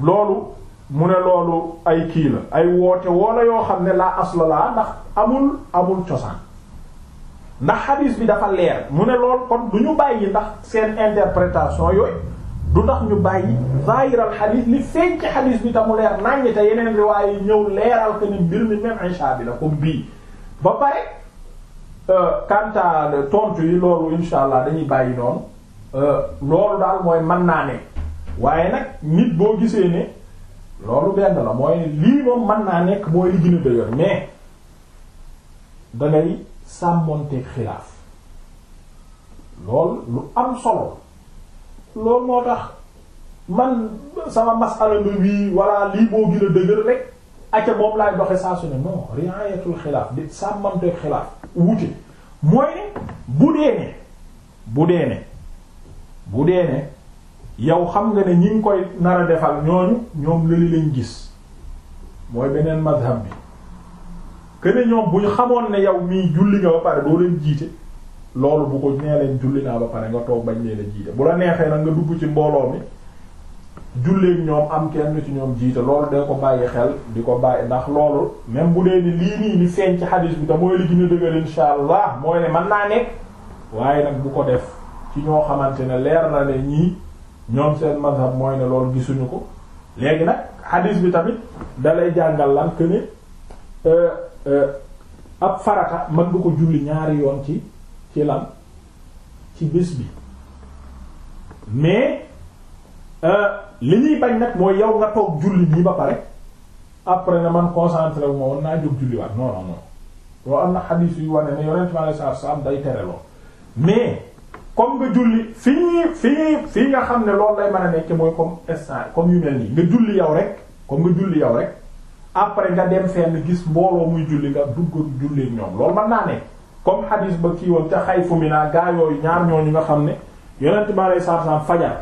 [SPEAKER 1] loolu mu ne loolu ay kii la ay woote woola yoo xam ne laa asla laa ndax amul amul cosaan ndax xadiis bi dafa leer mu ne loolu kon du ñu bàyyi ndax seen interprétation yooyu du tax ñu bàyyi zahiral xadiis li feeñ xadiis bi tamu leer naññ te yeneen riwaay yi ñëw leeral ko ni mbir mi même insha bi la comme bii ba pare euh, quant à tontu yi loolu insha allah dañuy bàyyi noonu euh, loolu daal mooy mën naa ne waaye nag nit boo gisee ne loolu benn la mooy lii moom mën naa nekk mooy li gën a dëgër mais dangay xilaaf loolu lu am solo loolu moo tax man sama masala bi bii walla lii boo gën a dëgër rek acca moom laay doxe saa su ne non riayatul xilaaf di sàmmanteeg xilaaf wuute mooy ne bu dee ne bu dee ne bu dee ne yow xam nga ne ñi koy nar a defal ñooñu ñoom lëli lañ gis mooy beneen madhab bi que ne ñoom bu xamoon ne yow mii julli nga ba pare doo leen jiite loolu bu ko nee leen julli naa ba pare nga toog bañ leen a jiite bu la neexee nag nga dugg ci mbooloo mi julleek ñoom am kenn ci ñoom jiite loolu da ko bàyyi xel di ko bàyyi ndax loolu même bu dee ni lii nii ni feeñ ci xadiis bi te mooy li dëgër insha allah mooy ne mën naa nekk waaye nag bu ko def ci ñoo xamante ne leer na ne ñii ñoom seen mazhab mooy ne lool gisuñu ko léegi nag xadiis bi tamit dalay jàngal lan que ne euh, euh, ab farata mën nga ko julli ñaari yoon ci ci lan ci bis bi mais euh, li ñuy bañ nag mooy yow nga toog julli nii ba pare après na man concentré wu ma naa jóg julliwaat non non non loolu am na xadiis yu wane ne yonent bi sallallahu alayhi wasallam day tere lool mais comme nga julli fi ñuy fi ñuy fi nga xam ne loolu lay mën a nekk mooy comme instant comme yu mel nii nga julli yow rek comme nga julli yow rek après nga dem fenn gis mbooloo muy julli nga dugg julli ñoom loolu mën naa nekk. comme xadis ba kii woon ca xayfu mi naa gaa yooyu ñaar ñooñu nga xam ne yonent ba lay saar fajar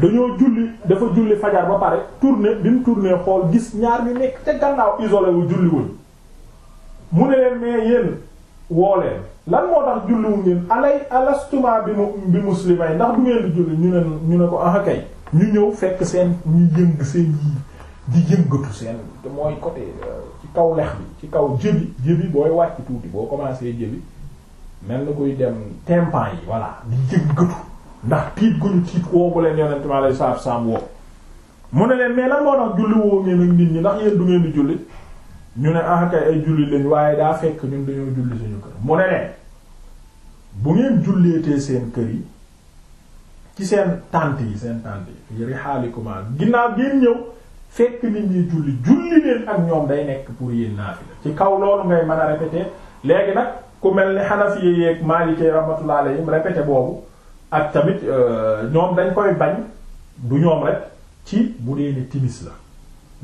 [SPEAKER 1] dañoo julli dafa julli fajar ba pare tourne bi mu tourné xool gis ñaar ñu nekk ca gannaaw isolé wu julliwuñ mu ne leen mais yéen woo lan moo tax julliwu ngeen alay alastuma bi mu bi muslimay ndax du ngeen di julli ñu ne ñu ne ko ah kay ñu ñëw fekk seen ñu yëng seen yii di yëngatu seen te mooy côté euh, ci kaw lex bi ci kaw jëbi jëbi booy wàcc boo commencé jëbi mel na kuy dem timpan yi voilà di jëggatu ndax tiit gu ñu tiit woogu leen yonent ma lay saaf saam woo mu ne leen mais na moo tax julli woo ngeen ak nit ñi ndax yéen du ngeen julli ñu ne ah kay ay julli lañ waaye daa fekk ñun dañoo julli suñu kër mu ne leen bu ngeen julleetee seen kër yi ci seen tànt yi seen tànt yi fi rihaalikumaa ginnaaw ngeen ñëw fekk nit ñi julli julli leen ak ñoom day nekk pour yéen naafila ci kaw loolu ngay mën a répéter ku mel ni xanafi yeeg maalikee rahmatullah alayhim répété boobu ak tamit euh, ñoom dañ koy bañ du ñoom rek ci bu dee ni timis la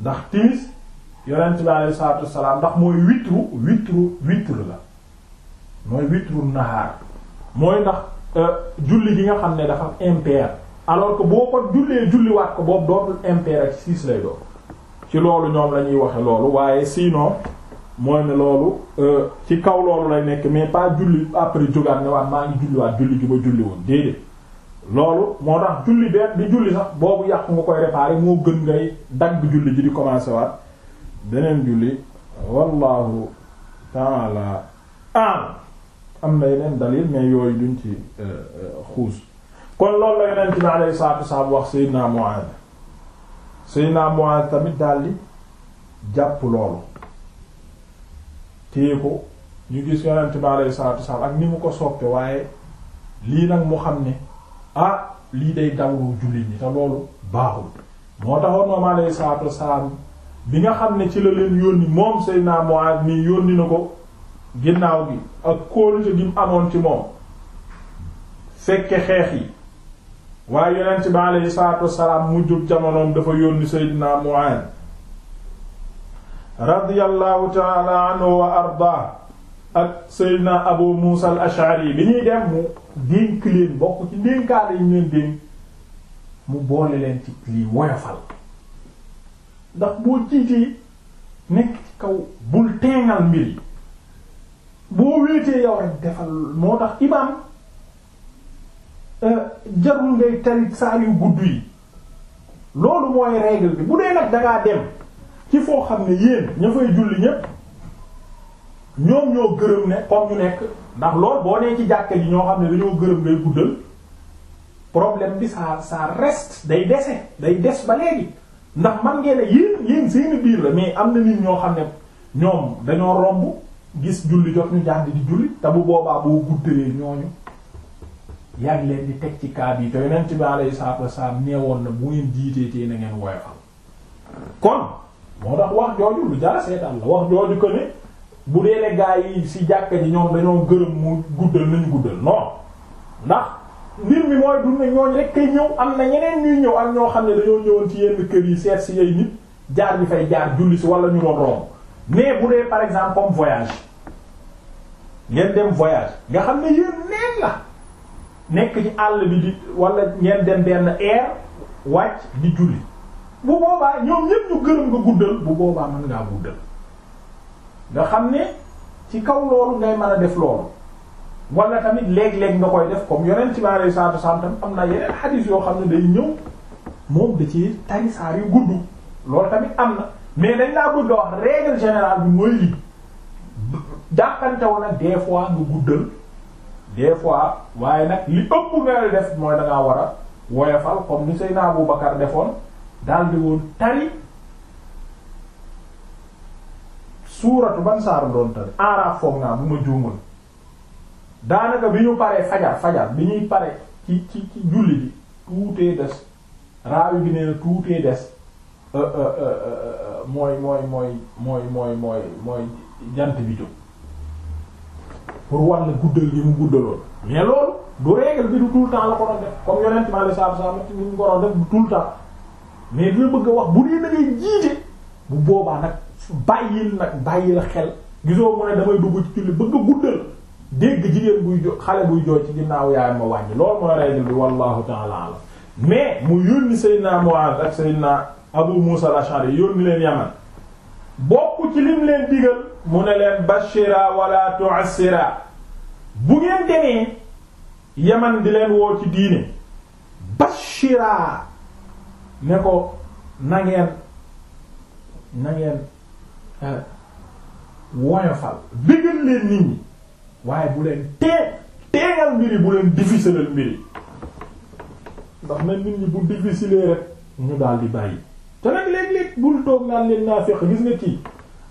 [SPEAKER 1] ndax timis yonent bi alayhi salaatu wassalaam ndax mooy witru witru witru ndax euh, julli gi nga xam ne dafa impair alors que boo ko jullee julliwaat ko boobu dootul impair ak siis lay doon ci loolu ñoom lañuy ñuy waxe loolu waaye sinon mooy ne loolu euh, ci kaw loolu lay nekk mais pas julli après jógaat ne waat maa ngi julliwaat julli ju ma julli woon déedéet loolu moo tax julli benn di julli sax boobu yàqu nga koy réparer moo gën ngay dagg julli ji di commencer waat beneen julli wallahu taala am am na yeneen dalil mais yooyu duñ ci euh, euh, xuus kon loolu la yonent bi alayhi salaatu wasalaam wax Seydina Muaaz Seydina Muaaz tamit daldi jàpp loolu téye ko ñu gis yonent bi alayhi salaatu ak ni mu ko soppe waaye lii nag mu xam ne ah lii day dawlu jullit ñi te loolu baaxul moo taxoon moom alayhi salaatu bi nga xam ne ci la leen yónni moom Seydina Muaaz ni yónni na ko ginnaaw gi ak kóolute gi mu amoon ci moom fekke xeex yi waaye yonent bi alayhi salaatu wasalaam mujjub jamonoom dafa yónni Seydina Muaaz radiyallahu taala anhu wa arda ak Seydina Abu Musa al-Ash'ari bi ñuy dem mu dénk leen bokk ci dénkaale yi ñu leen dénk mu boole leen ci lii woyofal ndax boo jiitee nekk ci kaw bul teengal mbir yi boo wéetee yow rek defal moo tax imaam euh, jarul ngay tarit saa yu gudd yi loolu mooy règle bi bu dee nag dangaa dem ci foo xam ne yéen ña fay julli ñépp ñoom ñoo gërëm ne comme ñu nekk ndax lool boo nee ci jàkka ji ñoo xam ne dañoo gërëm ngay guddal problème bi ça ça reste day dese day des ba léegi ndax man ngeen ne yéen yéen biir la mais am na nit ñoo xam ne ñoom dañoo romb gis julli jot ñu jàng di julli te bu boobaa boo guddalee ñooñu yàgg leen di teg ci kaab yi te ci bi yi salaatu wa salaam neewoon na bu ngeen jiitee tee na ngeen woyofal kon moo tax wax jooju lu jara seetaan la wax jooju ko ne bu dee ne gaa yi ci jàkka ji ñoom dañoo gërëm mu guddal nañ guddal non ndax mbir mi mooy dund ñooñ rek kay ñëw am na ñeneen ñuy ñëw ak ñoo xam ne dañoo ñëwoon ci yenn kër yi seet si ay nit jaar bi fay jaar julli ci wala ñu doon romb bu dee par exemple comme voyage ngeen dem voyage nga xam ne yéen neen la nekk ci àll bi di walla ngeen dem benn air wàcc di julli bu boobaa ñoom ñépp ñu gërëm nga guddal bu boobaa mën ngaa guddal nga xam ne ci kaw loolu ngay mën a def loolu wala tamit léeg-léeg nga koy def comme yonent bi alayhi salaatu wasalaam tam am na yeneen xadiis yoo xam ne day ñëw moom da ci tari saar yu gudd loolu tamit am na mais dañ laa bëgg a wax règle générale bi mooy lii jàppante fois nga guddal fois waaye nag li ëpp nga def mooy da ngaa war a woyofal comme ni Seydina Abou Bakar defoon daldi woon tari suuratu ban saaru doon tari aaraaf foog naa bu ma juumal daanaka bi ñu paree fajar fajar bi ñuy pare ci ci ci julli bi tuutee des raawi bi nee na tuutee des euh, euh, euh, mooy mooy mooy mooy mooy mooy mooy jant bi jóg pour war guddal gi mu guddaloon mais loolu du règle bi du tout le temps la ko doon def comme yonent mi sallallahu alayhi wasallam ni mu ko doon du tout le mais dina bëgg wax bu dee da ngay jiite bu boobaa nag bàyyil nag bàyyil xel gisoo mu ne damay dugg ci julli bëgg guddal dégg jigéen buy jo xale buy jooy ci ginnaaw yaay ma wàññi loolu mooy règle bi wallahu ta'ala mais mu yónni Seydina Mu'adh ak Seydina Abu Musa al-Ash'ari yónni leen Yaman bokk ci lim leen digal mu ne leen bashira wala tu'assira bu ngeen demee Yaman di leen woo ci diine bashira ne ko na ngeen na ngeen eh, leen nit ñi waaye bu leen tee teegal mbiri bu leen difficilal mbiri ndax na nit ñi bu difficile rek ñu daal bàyyi te nag léeg-léeg bul toog naan leen naa féq gis nga kii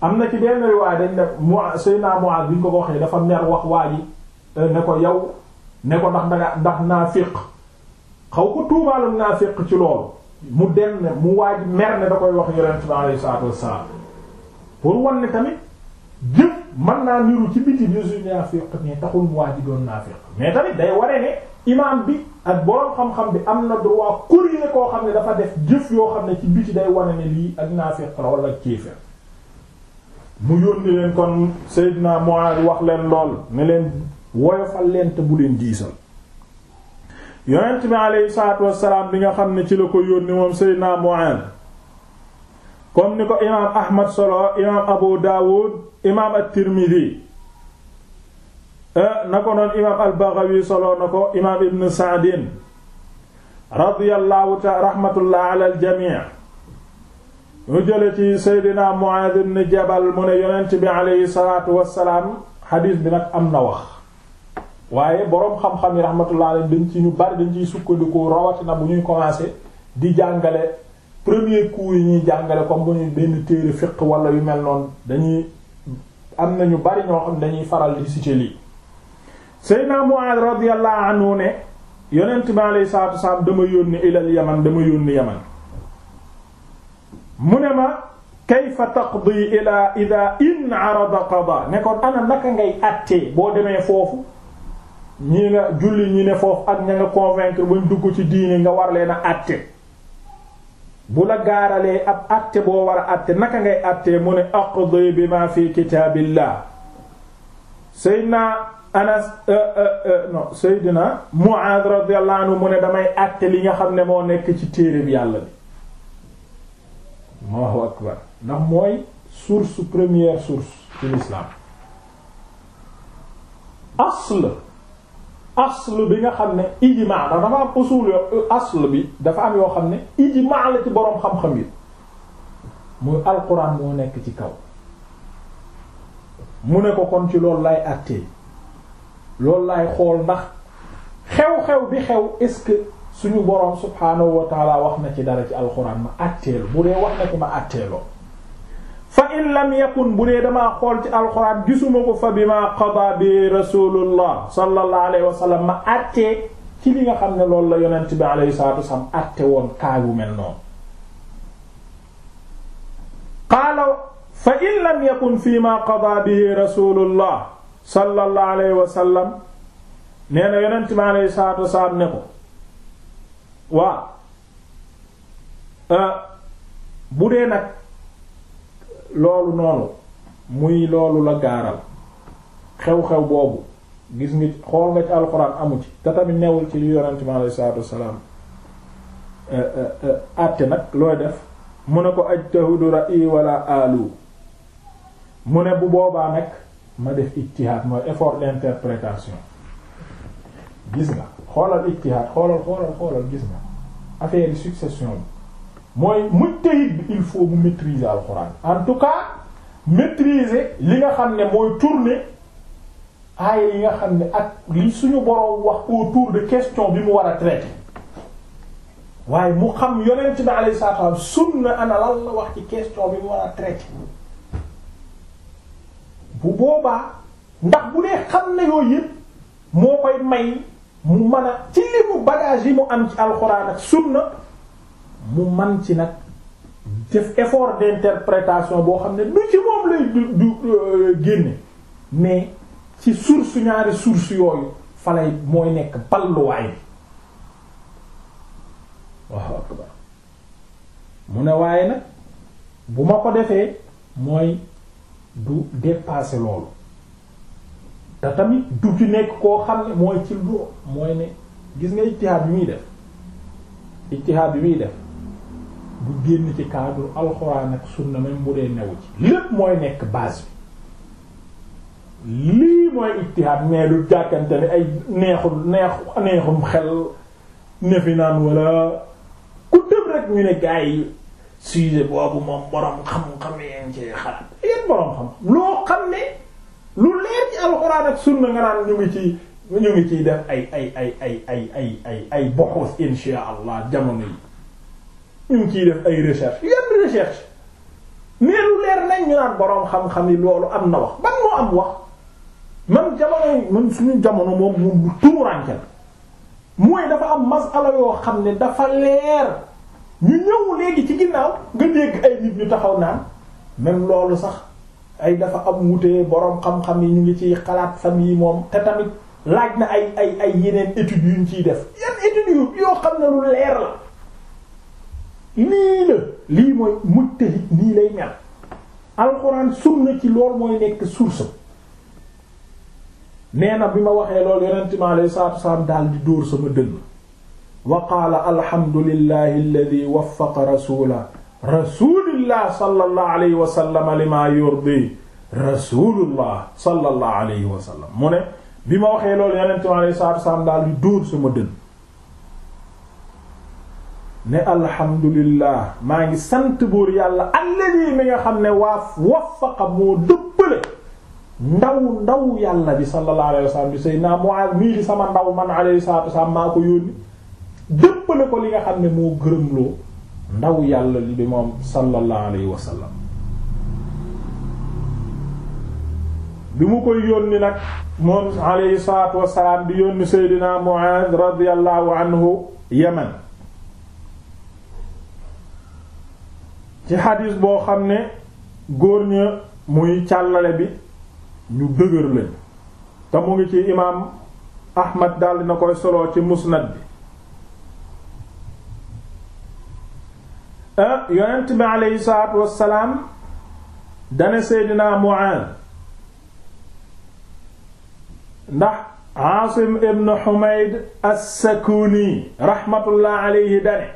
[SPEAKER 1] am na ci benn riwaay dañ ne mo- Seydina Muaaz bi ñu ko ko waxee dafa mer wax waa ji eh, ne ko yow ne ko ndax danga ndax naa féq xaw ko tuumaaloon naa féq ci loolu mu dem ne mu waaj mer ne da koy wax yonent bi alayhi salaatu wassalaam pour wan ne tamit jëf mën naa niru ci biti bi su naafiq mais taxul mu waaj doon naafiq mais tamit day ware ne imaam bi ak boroom xam-xam bi am na droit corriger koo xam ne dafa def jëf yoo xam ne ci biti day wane ne lii ak naafiq la wala kéefër mu yónni leen kon Seydina Muaad wax leen lool ne leen woyofal leen bu leen diisal yonent bi aleyhi salaatu wassalaam bi nga xam ne ci la ko yónni moom seydina Mu'aaz comme ni ko imaam Ahmad solo imaam Abu Daawud imaam at-Tirmidi eh, na ko noon imaam al-Baghawi solo na ko imaam Ibn Sa'din radiyallahu ta'ala rahmatullah ala al-jamii' mu jële ci seydina Mu'aaz ibn Jabal mu ne yonent bi aleyhi salaatu wassalaam xadiis bi nag am na wax waaye boroom xam-xam yi rahmatullah alayhi ci ñu bari dañ ciy sukkandiku rawatina bu ñuy commencer di jàngale premier cours yi ñuy jàngale comme bu ñuy benn téere fiqh wala yu mel noonu dañuy am na ñu bari ñoo xam dañuy faral di citer lii Seydina Mu'adh radiyallahu anhu ne yonent bi alayhi salaatu wasalaam dama yónni ilal yaman dama yónni yaman mu ne ma kayfa taqdi ila ida in arada qada ne kon ana naka ngay àttee boo demee foofu ñi nga julli ñi ne foofu ak ña nga convaincre bañ dugg ci diini nga war leen a àtte bu la gaaralee ab àtte boo war a àtte naka ngay àttee mu ne aqdi bi ma fi kitaabillah seydina anas euh, euh, euh, non seydina Muaad radiyallahu anhu mu ne damay àtte li nga xam ne moo nekk ci téereb yàlla bi Allahu akbar ndax mooy source première source ci l'islam asl bi nga xam ne ijmaa ndax dafa am usul yo asl bi dafa am yoo xam ne ijmaa la ci boroom xam-xam yi muy alquran moo nekk ci kaw mu ne ko kon ci loolu lay àttee loolu lay xool ndax xew-xew bi xew est-ce que suñu boroom subhaanahu wa taala wax na ci dara ci alxuraan ma àtteelu bu dee wax na ci ma àtteeloo fa in lam yakun bu dee xool ci alxuraan gisuma ko fa bima qada bi rasulullah sallallahu alayhi wa ma àttee ci li nga xam ne loolu la yonent bi alayhi salatu wasallam àtte woon kaayu mel noonu qaala fa in lam yakun fi ma qada bi rasulullah sallallahu alayhi wa nee na yonent bi alayhi salatu wasallam ne ko waa euh, loolu noonu muy loolu la gaaral xew-xew boobu gis nga xool nga ci alxuraan amu ci te tamit newul ci li yonent mi alayhi salaatu wassalaam eh, eh, eh, àtte nag looy def mu ne ko ajtahudu ra'i wala alu mu ne bu boobaa nag ma def ijtihaad mooy effort d'interprétation gis nga xoolal ijtihaad xoolal xoolal xoolal gis nga affaire succession bi mooy mujtahid bi il faut mu maîtriser alxuraan en tout cas maîtriser li nga xam ne mooy tourner aaya yi nga xam ne ak li suñu boroom wax autour de question bi mu war a trait waaye mu xam yonent bi alayhi salaatu wa salaam sunna ana lan la wax ci question bi mu war a traiter bu boobaa ndax bu dee xam na yooyu yëpp moo koy may mu mën a ci li mu bagage yi mu am ci alxuraan ak sunna mu man ci nag def effort d'interprétation boo xam ne du ci moom lay du du euh, génne mais ci source ñaari source yooyu falay mooy nekk balluwaay bi waaw akbar mu ne waaye nag bu ma ko defee mooy du dépasser loolu te tamit du ci nekk koo xam ne mooy ci lu mooy ne gis nga ijtihaad bi muy def ijtihaad bi muy def bu génn ci cadre alxuraan ak sunna même bu dee newu ci lépp mooy nekk base bi lii mooy ijtihaad mais du jàkkante ni ay neexul neexu neexum xel nefi naan wala ku tëb rek ñu ne gars yi sujet boobu moom boroom xam-xam yeen ci xalaat yeen boroom xam loo xam ne lu leer ci alxuraan ak sunna nga naan ñu ngi ci ñu ngi ciy def ay ay ay ay ay ay ay ay boxoos insha allah jamono yi ñu ngi ciy def ay recherche yenn recherche mais lu leer nañ ñu naan boroom xam-xam yi loolu am na wax ban moo am wax man jamono man suñu jamono moom moom lu tumurànkel mooy dafa am masala yoo xam ne dafa leer ñu ñëw léegi ci ginnaaw nga léeg ay nit ñu taxaw naan même loolu sax ay dafa am wutee boroom xam-xam yi ñu ngi ciy xalaat sam yi moom te tamit laaj na ay ay ay yeneen études yuñ ciy def yenn études yu yoo xam ne lu leer la nii la lii mooy mujtahid nii lay mel alxuraan sunna ci lool mooy nekk source nee na bi ma waxee loolu yonent mi alayhi salaatu wasalaam daal di dóor sama dënn wa qaala alhamdulillahi alladi waffaqa rasula rasulillah sallallahu alayhi wa sallam lima yurdi rasulullah sallallahu alayhi wa sallam mu ne bi ma waxee loolu yonent mi alayhi salaatu wasalaam daal di dóor sama dënn ne alhamdulillah maa ngi sant buur yàlla alladi mi nga xam ne waaf waffaqa moo dëppale ndaw ndaw yàlla bi sallallahu alayhi wa sallam bi sayyidina Mu'adh mii di sama ndaw man alayhi salatu wasallam maa ko yónni dëppale ko li nga xam ne moo gërëmloo ndaw yàlla li bi moom sallallahu alayhi bi mu koy yónni nag moom alayhi salatu wasalam bi yónni sayyidina Mu'adh radiyallahu anhu Yaman ci xadis boo xam ne góor ña muy càllale bi ñu dëgër lañ te mu ngi ci imaam ahmad daldi na koy solo ci musnad bi ah, yonent bi aleyhi salaatu wassalaam dane seydina Muaaz ndax Aasim ibn Humayd as rahmatullah aleyhi dane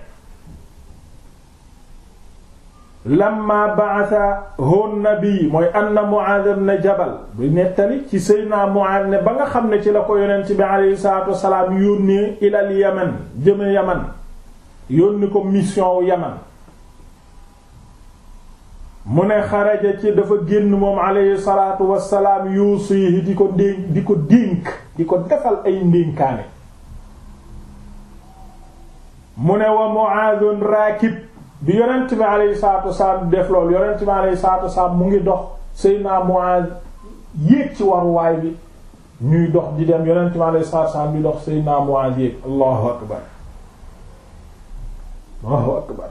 [SPEAKER 1] lamma ba'athahu an-nabi mooy anna Mu'aaz ibn Jabal bu nettali ci Seydina Mu'aaz ne ba nga xam ne ci la ko yonent bi alayhi salaatu wasalaam yónnee ilal Yaman jëme Yaman ko mission wu mu ne xaraja ci dafa génn moom alayhi salaatu wasalaam di ko dénk di ko defal ay ndénkaane mu ne wa Mu'aaz raakib bi yonent bi alayhi salaatu wasalaam def loolu yonent bi alayhi salaatu wasalaam mu ngi dox Seydina Muaz yéeg ci waruwaay bi ñuy dox di dem yonent bi alayhi salaatu wasalaam di dox Seydina Muaz yéeg allahu akbar allahu akbar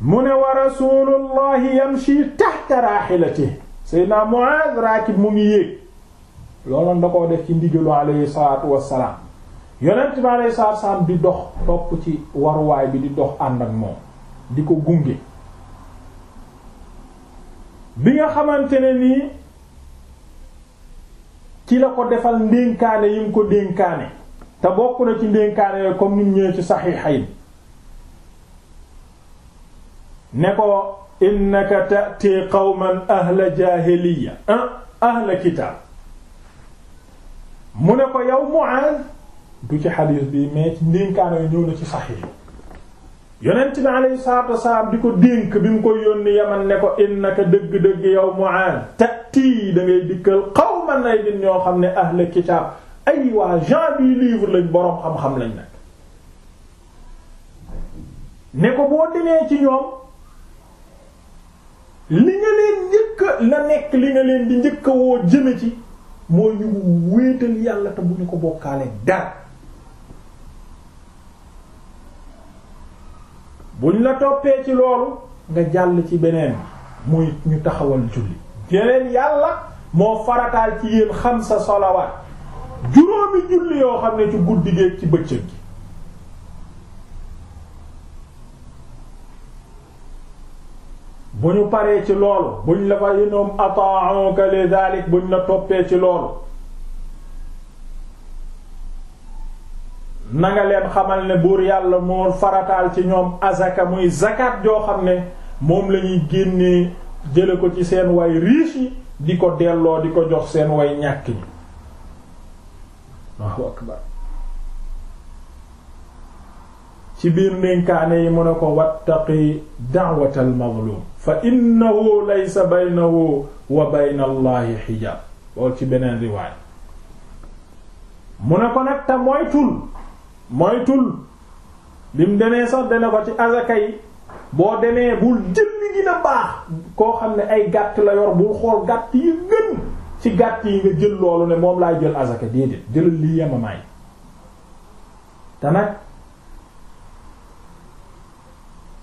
[SPEAKER 1] mu ne wa rasulullahi yamshi tahta rahilatihi Seydina Muaz raakib mu ngi yéeg looloon da koo def ci ndigalu alayhi salaatu wasalaam yonent bi aleyhi salaatu dox topp ci waruwaay bi di dox ànd ak moom di ko gunge bi nga xamante ne nii ci la ko defal ndénkaane yi mu ko dénkaane te bokk na ci ndénkaane yooyu comme ni mu ñëwee ci saxiixayn ne ko innaka ta'ti qawman ahla jaahiliya ah, ahla kitaab mu ne ko yow Mu'aaz du ci xadiis bii mais ci ndénkaane ñëw na ci saxiix yonent bi alayhi salaatu wasalaam di ko dénk bi mu koy yónni yaman ne ko innaka dëgg-dëgg yow Mu'aaz tati da ngay xaw qawman ay nit ñoo xam ne ahla kitaab ay waa gens du livre lañ boroom xam-xam lañ nag ne ko boo demee ci ñoom li nga leen njëkka la nekk li nga leen di njëkka woo jëme ci mooy ñu wéetal yàlla te bu ñu ko bokkaale dara buñ la toppee ci loolu nga jàll ci beneen muy ñu taxawal julli yeneen yàlla moo farataal ci xam xamsa salawaat juróomi julli yoo xam ne ci guddi gi ci bëccëg gi bu ñu paree ci loolu buñ la fa yenoom ata'uka li dalik buñ la toppee ci loolu na nga leen xamal ne buur yàlla moo farataal ci ñoom azaka muy zakat joo xam ne moom la ñuy jële ko ci seen way riche di ko delloo di ko jox seen way ñàkk ñi ci biir ndénkaane yi mu ne ko wattaqi da'watal mazlum fa innahu laysa baynahu wa bayna xijaab loolu ci beneen riwaay mu ne ko nag te moytul bi mu demee sax dana ko ci azaka yi boo demee bul jël li dina baax koo xam ne ay gàtt la yor bul xool gàtt yi gën ci gàtt yi nga jël loolu ne moom laay jël azaka déedéet jëlal li yemamaay te nag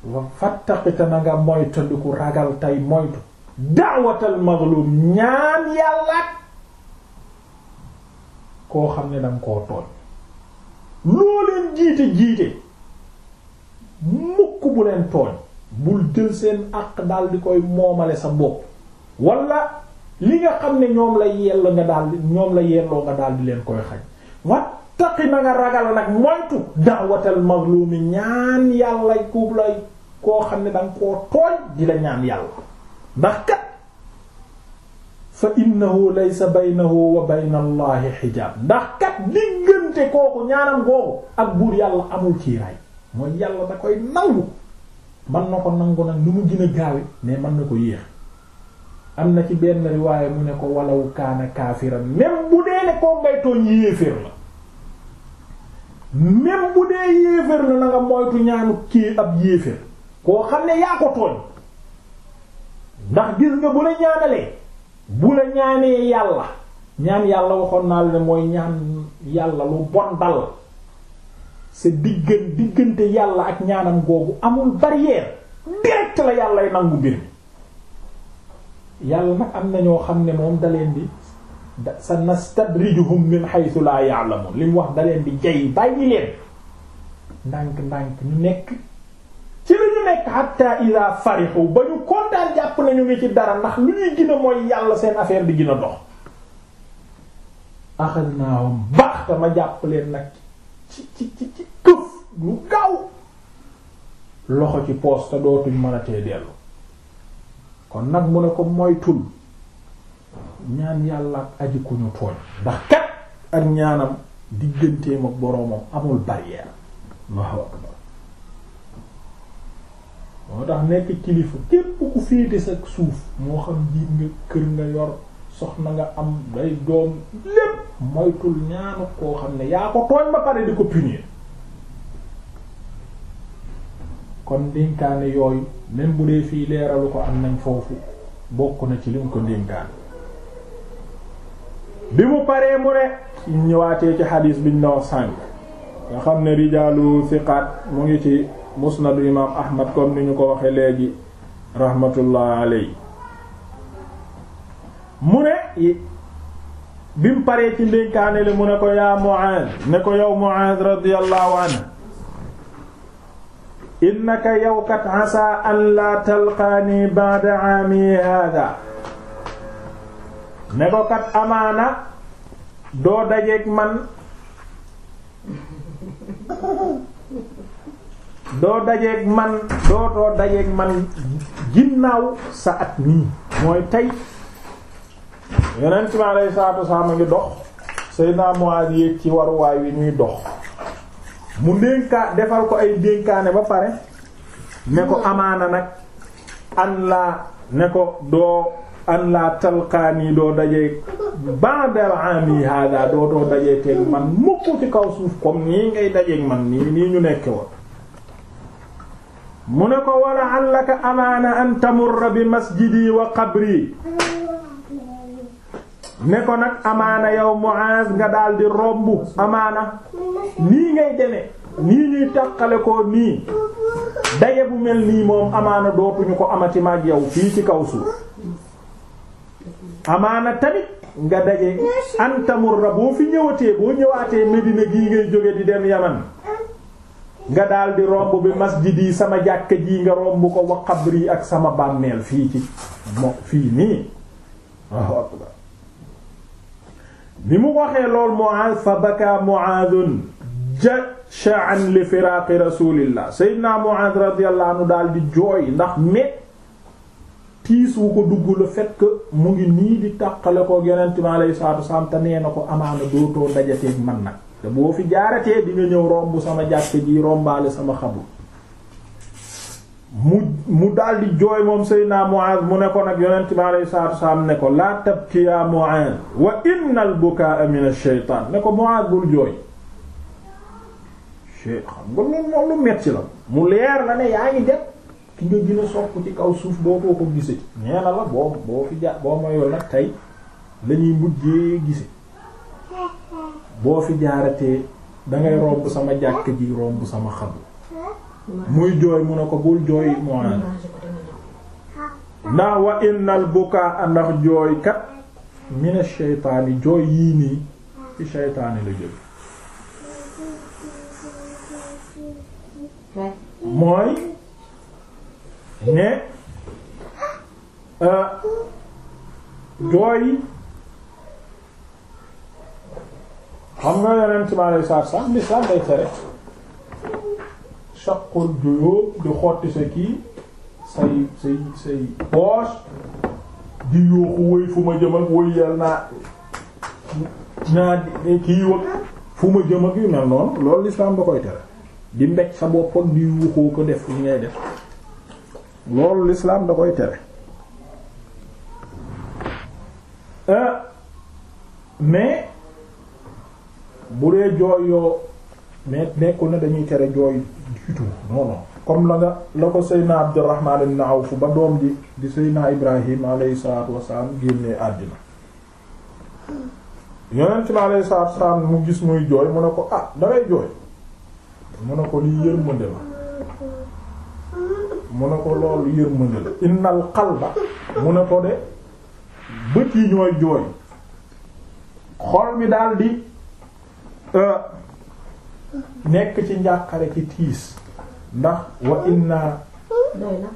[SPEAKER 1] wa fattaqita na nga moytandiku ragal tey moytu daawatal mazlum ñaan yàlla koo xam ne danga koo tooñ loo leen jiite jiite mukk bu leen tooñ bul jël seen àq daal di koy moomale sa bopp wala li nga xam ne ñoom la yell nga daal di ñoom la yelloo nga daal di leen koy xañ wattaqi na nga ragal nag moytu da'watal mazlumi ñaan yàlla ku lay koo xam ne danga koo tooñ di la ñaan yàlla ndax kat fa innahu laysa baynahu wa bayna allahi xijaab ndax kat diggante kooku ñaanam googu ak buur yàlla amul kiiraay mooy yàlla da koy nangu mën na ko nangu nag nu mu gën a gaawe mais mën na ko yéex am na ci benn riwaaye mu ne ko walaw kaana kaafiran même bu dee ne koo ngay tooñ yéeféer la même bu dee yéeféer la na nga moytu ñaanu kii ab yéeféer koo xam ne yaa ko tooñ ndax gis nga bu la ñaanalee bu la ñaanee yàlla ñaan yàlla waxoon naa la mooy ñaan yàlla lu bon dal sa diggan diggante yàlla ak ñaanam googu amul barrière direct la yàllay nangu mbir mi yàlla nag am na ñoo xam ne moom daleen bi sa nastadrijuhum min haythu la yàlla li mu wax daleen bi jay bàyyi leen ndànk ndànk ñu nekk ci la ñu nekk hatta ila farihu ba ñu kontaan jàpp nañu ngi ci dara ndax lu ñuy gën mooy yàlla seen affaire di gën a dox axadnaahum baxta ma jàpp leen nag ci ci ci ci këf lu gaaw loxo ci poos te dootuñ mën a tee dellu kon nag mu ne ko moytul ñaan yàlla ak aji ku ñu tooñ ndax kat ak ñaanam digganteem ak boroomam amul barrière waaw moo tax nekk kilifa képp ku féete sa suuf moo xam jiit nga kër nga yor soxna nga am day doom lépp moytul ñaanu koo xam ne yaa ko tooñ ba pare di ko punir kon dénkaane yooyu même bu dee fii leeralu ko am nañ foofu bokk na ci lim ko dénkaan bi mu paree mu ne ñëwaatee ci xadiis biñ la wax sànk nga xam ne rijaalu siqaat mu ngi ci musnadu imaam ahmad comme ni ñu ko waxe léegi rahmatullah aley mu ne bi mu paree ci ndénkaane li mu ne ko yaa Mu'aaz ne ko yow Mu'aaz radiyallahu anhu innaka yow kat asaa an laa talqaani ba'da aami haadaa ne ko kat amaana doo dajeek man doo dajeeg man dootoo dajeeg man ginnaaw sa at nii mooy tey yeneen ci ma lay saatu saa ma ngi dox Seydina Muaaz yéeg ci waruwaay wi ñuy dox mu dénkaa defar ko ay dénkaane ba pare ne ko amaana nag an laa ne ko doo an laa talqaanii doo dajee ba'da ami hada doo doo dajee teeg man mukk ci kaw suuf comme nii ngay dajeeg man nii nii ñu nekke woon mu ne ko wala allaka amaana an tamurra bi masjidi wa qabri ne ko nag amaana yow Muaz nga daal di romb amaana nii ngay deme nii ñuy tàqale ko nii daje bu mel nii moom amaana dootuñu ko amati maag yow fii ci kaw suuf amaana tamit nga daje an tamurra boo fi ñëwatee boo ñëwaatee Medina gii ngay jóge di dem Yaman nga dal di romb bi masjid yi sama jàkka ji nga romb ko wa qabri ak sama bàmmeel fii ci mo fii nii bi mu waxee lool Mu'aaz fa baka Mu'aazun jasha'an li firaaqi rasulillah sayyidina Mu'aaz radiyallahu anhu di jooy ndax mét tiis wu ko dugg la fekk mu ngi nii di tàqale ko yonent mi alayhi salaatu wasalaam te nee ko amaana dootoo dajateeg man nag te boo fi jaaratee di nga ñëw romb sama jàkk ji rombaale sama xabru mu mu daldi jooy moom sëy naa Mu'aaz mu ne ko nag yonent bi alayhi salaatu wasalaam ne ko laa tabki yaa Mu'aaz wa innal bukaa min ash ne ko Mu'aaz bul jooy che xam nga loolu moom lu metti la mu leer la ne yaa ngi def ki nga gën a ci kaw suuf dootoo ko gise nee la boo boo fi ja boo mayoon nag tey la ñuy gise boo fi jaaratee dangay romb sama jàkk ji romb sama xabru muy jooy mu ne ko bul jooy Mu'aaz ndax wa innal bukaa ndax jooy kat mina sheytaani jooy yii nii ci sheytaani la jël mooy ne euh, jooy xam nga yeneen ciment lay saa saa lislaam day tere chaque jour di xotti sa kii say say say di yooxu wëy fu ma jëm ak wëy yal naa ñaa kii wëg fu ma jëm ak yu mel noonu loolu lislaam da koy tere di mbéj sa bopp ak di yuuxoo ko def li ngay def loolu lislaam da koy tere euh, mais bu dee jooy yoo mais nekkul ne dañuy tere jooy du tout non non comme la nga la ko Seydina Abdurrahman ibn Awf ba doom ji di Seydina Ibrahim alayhi salaatu wasalaam génnee àddina yonent bi alayhi salaatu wasalaam mu gis muy jooy mu ne ko ah dangay jooy mu ne ko lii yërmande la mu ne ko loolu yërmande la innal mu ne ko de bët yi ñooy jooy xol bi daal di Euh, nekk ci njàqare ci tiis ndax wa inna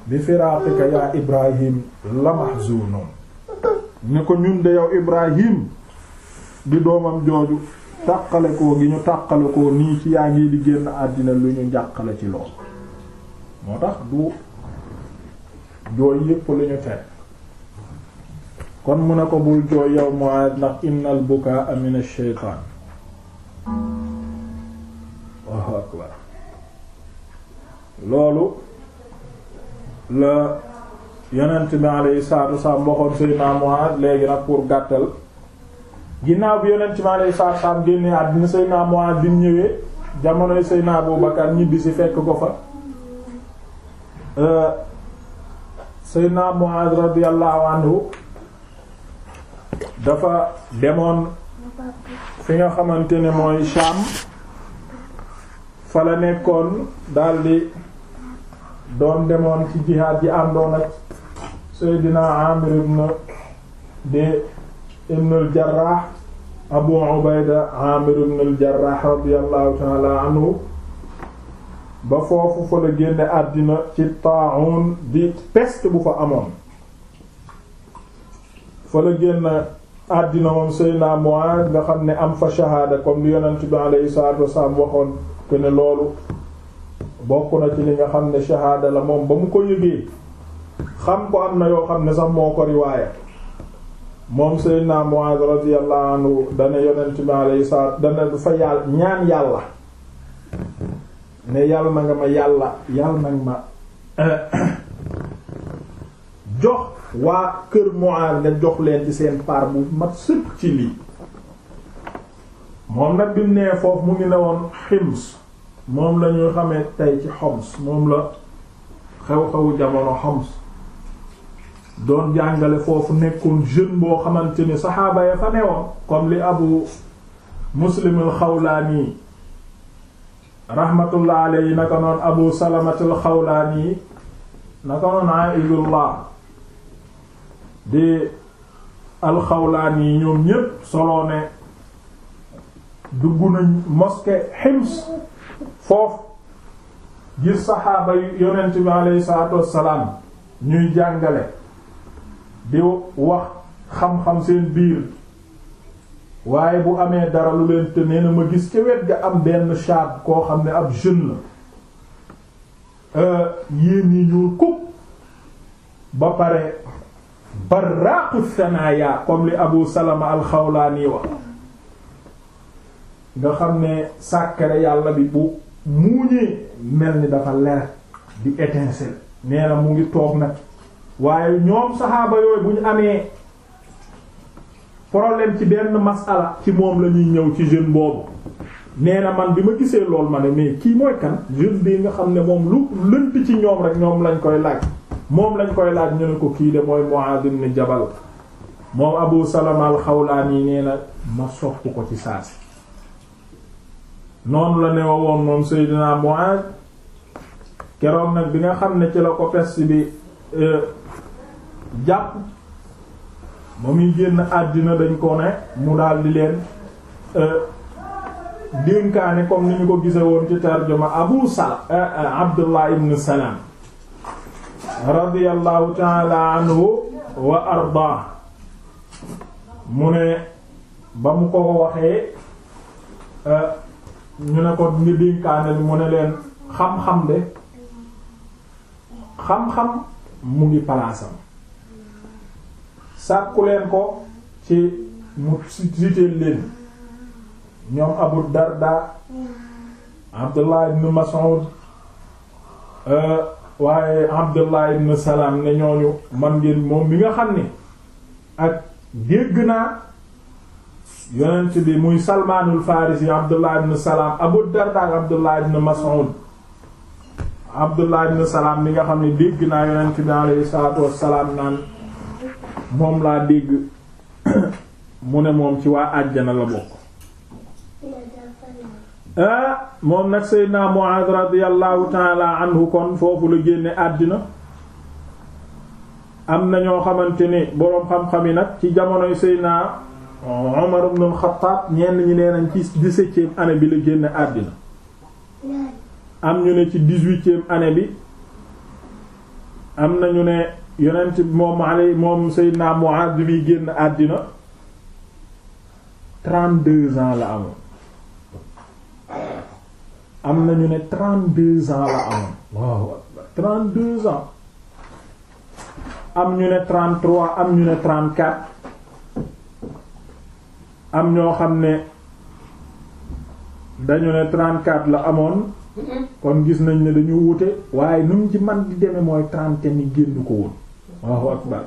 [SPEAKER 1] bi firaaqika yaa ibrahim la ni ko ñun de yow ibrahim di doomam jooju tàqale koo gi ñu tàqale koo nii ci yaa ngi di génn àddina lu ñu njàqale ci lool moo tax du jooy yépp lu ñu tere kon mu ne ko bul jooy yow Muaad ndax innal bukaa min ash-shaytaan waaw akbar loolu la yonent bi alayhi salaatu wasalaam waxoon Seydina Muaad léegi nag pour gàttal ginnaaw bi yonent bi alayhi salaatu wasalaam génnee àddina Seydina Muaad bi ñëwee jamonoy Seydina Abu Bakar ñibbi si fekk ko fa euh, Seydina Muaad radiyallahu anhu dafa demoon fi nga xamante ne mooy Sham fa la nekkoon daldi doon demoon ci jihaad ji àndoon ak Seydina Amir ibn de ibn al-Jarrah Abu Ubayda Amir ibn al-Jarrah radiyallahu ta'ala anhu ba foofu fa la génne àddina ci Ta'un di peste bu fa amoon fa la génn àddina moom Seydina Muaad nga xam ne am fa shahaada comme li yonent bi alayhi salaatu wasalaam waxoon te loolu bokk na ci li nga xam ne shahaada la moom ba mu ko yëgee xam ko am na yoo xam ne sax moo ko riwaaya moom Seydina Muaad radiyallahu anhu dana yonent bi alayhi salaatu dana du fa yàlla ñaan yàlla ne yàlla na nga ma yàlla yàlla na nga ma jox waa kër Mu'aaz nga jox leen ci seen part bu mat sëpp ci lii moom nag bi nee foofu mu ngi ne woon Hims moom la ñuy xamee tey ci Homs moom la xew-xewu jamono Homs doon jàngale foofu nekkoon jeune boo xamante ni saxaaba ya fa newoon comme li Abu Muslim al-Xawlaani rahmatullah alayhi naka noon Abu Salamatul Xawlaani naka noon Aïdullah di alxawlaan yi ñoom ñépp soloo dugg nañ mosquée Hims foofu gis saxaaba yi yonent bi aleyhi salaatu wassalaam ñuy jàngale di wax xam-xam seen biir waaye bu amee dara lu leen te na ma gis ca wet ga am benn shaab koo xam ne ab jeune la euh, yéen yi ñuul kub ba pare barraaqu sanaaya comme li abu salama alxawlaani wax nga xam ne sàkkare yàlla bi bu muuñee mel ni dafa leer di étincelle nee mu ngi toog nag waaye ñoom saxaaba yooyu bu ñu amee problème ci benn masala ci moom la ñuy ñëw ci jeune boobu nee na man bi ma gisee lool ma ne mais kii mooy kan jeune bii nga xam ne moom lu lënt ci ñoom rek ñoom lañ koy laaj moom lañ koy laaj ñu ne ko kii de mooy Mu'adh ibn Jabal moom Abu Salama al-Xawlaani nee na ma sopp ko ci saasi noonu la ne woon moom Seydina Mu'adh keroog nag bi nga xam ne ci la ko peste bi e, jàpp ba muy génn àddina dañ ko ne mu daal di leen e, dénkaane comme ni ñu ko gise woon ci tarjuma Abu Sal e, Abdullah ibn Salam radiyallahu taala anhu wa arda mu ne ba mu ko waxee euh, ñu ne ko ngi dénkaane mu ne leen xam-xam de xam-xam mu ngi palaasam sàkku leen ko ci mu siteel leen ñoom Abu Darda Abdullah ibn Mas'ud euh, waaye Abdullah ibn salaam ne ñooñu man ngir moom mi nga xam ni ak dégg naa yonent bi muy Salmaanul Farisi Abdullah ibn salaam Abu Darda ak Abdullah ibn Mas'ud Abdullah ibn Salam mi nga xam ne dégg naa yonent bi alayhi salaatu wassalaam naan moom laa dégg mu ne moom ci waa àjjana la bokk Ah, moom nag Seydina Muaaz radiyallahu taala anhu kon foofu la génne àddina am na ñoo xamante ni boroom xam-xam yi nag ci jamonoy Seydina naa ibn al-Khattab ñenn ñi nee nañ ci année bi la génne àddina am ñu ne ci dix-huitième année bi am na ñu ne yonent moom alay moom Seydina Muaaz bi muy génn àddina trente-deux ans la amoon am nañu ne trente-deux ans la amoon waaw trente-deux ans am ñu ne trente-trois am ñu ne trente-quatre am ñoo xam ne dañu ne trente-quatre la amoon kon gis nañ ne dañu wute waaye nu mu ci man di deme mooy trente ni génn ko woon Allahu akbar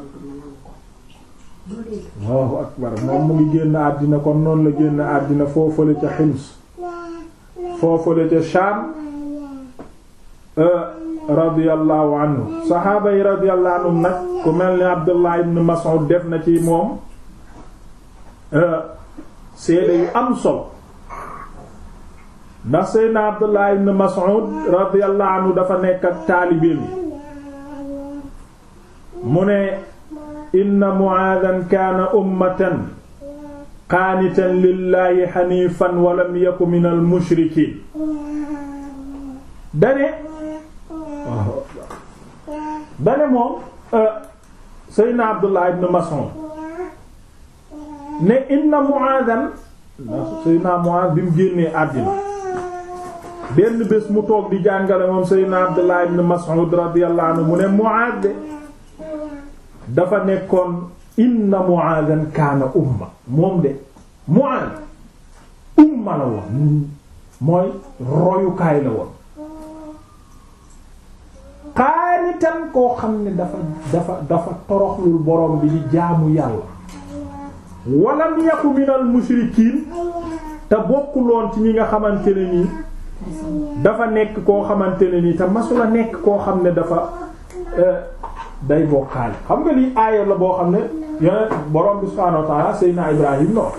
[SPEAKER 1] Allahu akbar moom mu ngi génn àddina kon noonu la génn àddina foofu la ca Hims foofale ca Shaam euh, radiyallahu anhu saxaaba yi radiyallahu anhum nag ku mel ni Abdullah ibn Mas'ud def na ci moom euh, seede yu am solo ndax Seydina Abdullah ibn Mas'ud radiyallahu anhu dafa nekk ak taalibe bi mu ne inna Mu'aadan kaana ummatan qaanitan lillaahi xaniifan walam yaku min al mushrikiin dane dane moom euh, seydna abdullah ibn mas'ud ne inna mu'aadan seydna mu'aad bi mu génnee àddina benn bés mu toog di jàngale moom seydna abdullah ibn mas'ud radiyallahu anhu mu ne mu'aad de dafa nekkoon inna Mu'aadan kaana umma moom de Mu'aad umma la woon mooy royukaay la woon qaanitan koo xam ne dafa dafa dafa toroxlul borom bi di jaamu yàlla walam yaku minal mushrikiin te bokkuloon ci ñi nga xamante ne nii dafa nekk koo xamante ne nii te masula nekk koo xam ne dafa euh, day bokkaale xam nga lii aaya la boo xam ne yonent borom bi subhaanahu wa ta'aala Seydina Ibrahim non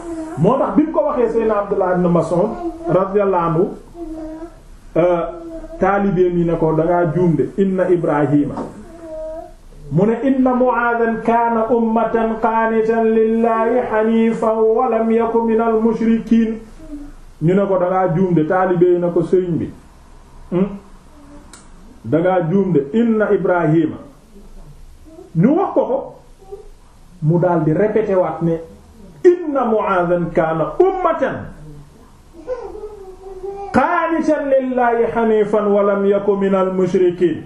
[SPEAKER 1] moo tax bi mu ko waxee Seydina Abdullah ibn Mas'ud radiyallahu euh, taalibeem yi ne ko dangaa juum inna Ibrahima mu ne inna Mu'aadan kaana ummatan qaanitan lillahi haniifan wa lam yaku minal ñu ne ko dangaa juum de taalibe yi ne ko sëriñ bi hmm? dangaa juum de inna Ibrahima ñu wax ko ko mu daal di répété waat ne inna mu'adhan kaana ummatan qaanitan lillahi hanifan wa lam yakun minal mushrikiin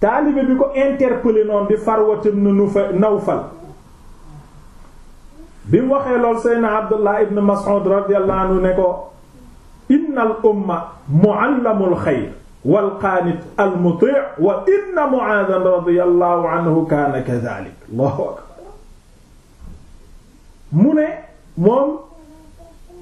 [SPEAKER 1] taalibe bi ko interpellé di Farwat ibn Nawfal bi mu waxee lool Seydina Abdullah ibn Mas'ud radiyallahu anhu ne ko innal umma mu'allamul xayr wal qaanit al muti' wa inna Mu'aadhan radiyallahu anhu kaana kadhaalik Allahu akbar mu ne moom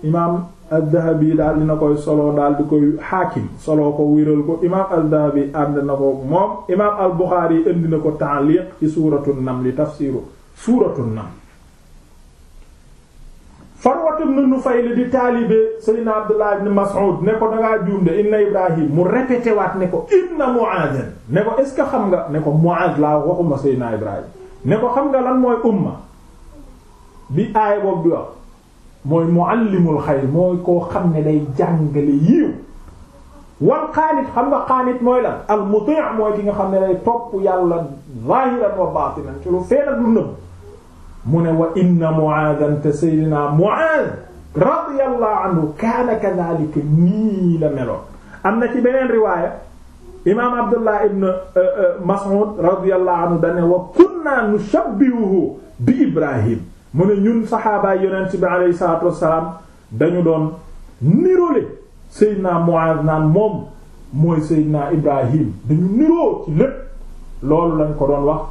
[SPEAKER 1] imaam ad-Dhahabi daal dina koy solo daal di koy xaakim solo ko wéral ko imaam ad-Dhahabi ànd na ko moom imaam al-Buxaari indi na ko ta'liq ci suuratu Naml tafsiiru suuratu Naml Farwat ibn Nufayl di taalibe Seydina Abdullah ibn Mas'ud ne ko dangaa juum inna Ibrahim mu répété waat ne ko inna Mu'adh ne ko est ce que xam nga ne ko Mu'adh laa waxuma Seydina Ibrahim ne ko xam nga lan mooy umma bi aaya boobu bi wax mooy muallimul xayr mooy koo xam ne day jàngale yiiw wal xaanit xam nga xaanit mooy lan al muti' mooy ki nga xam ne day topp yàlla zahiran wa baatinan ci lu feeñ ak lu mu ne wa inna Mu'aadan te Seydina Mu'aad radiyallahu anhu kaana kadhalika nii la meloon am na ci beneen riwaaya imaam Abdullah ibn uh, uh, Mas'ud radiyallahu anhu dane wa kunna nushabbihuhu bi Ibrahim mu ne ñun saxaabaay yonent bi alayhi salaatu wassalaam dañu doon niroole Seydina Mu'aad naan moom mooy Seydina Ibrahim dañu niroo ci lépp loolu lañ ko doon wax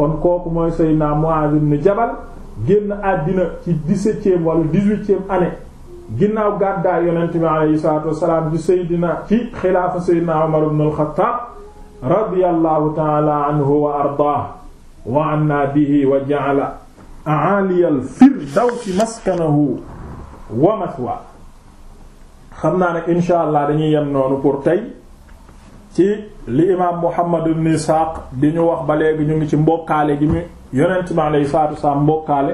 [SPEAKER 1] kon kooku mooy Seydina Muaz ibn Jabal génn àddina ci dix-septième wala dix-huitième année ginnaaw gàddaay yonent bi aleyhi salaatu ci Seydina ci xilaafa Seydina Umar ibn al-Khattab radiyallahu ta'ala anhu wa ardaah wa anna bihi wa ja'ala a'ali al-firdawsi maskanahu wa mathwa xam naa nag insha allah dañuy yem noonu pour tey li imaam Muhammad ni Isaaq di ñu wax ba léegi ñu ngi ci mbokkaale gi mu yonent mi alayhi salaatu wasalaam mbokkaale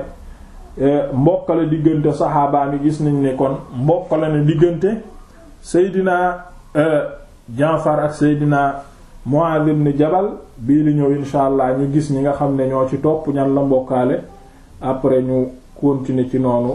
[SPEAKER 1] eh, mbokkale diggante saxaabaa mi gis nañ ne kon mbokkale ne diggante Seydina eh, Jaafar ak Seydina Muaaz ni Jabal bii li ñëw insha allah ñu gis ñi nga xam ne ñoo ci topp ñan la mbokkaale après ñu continuer ci noonu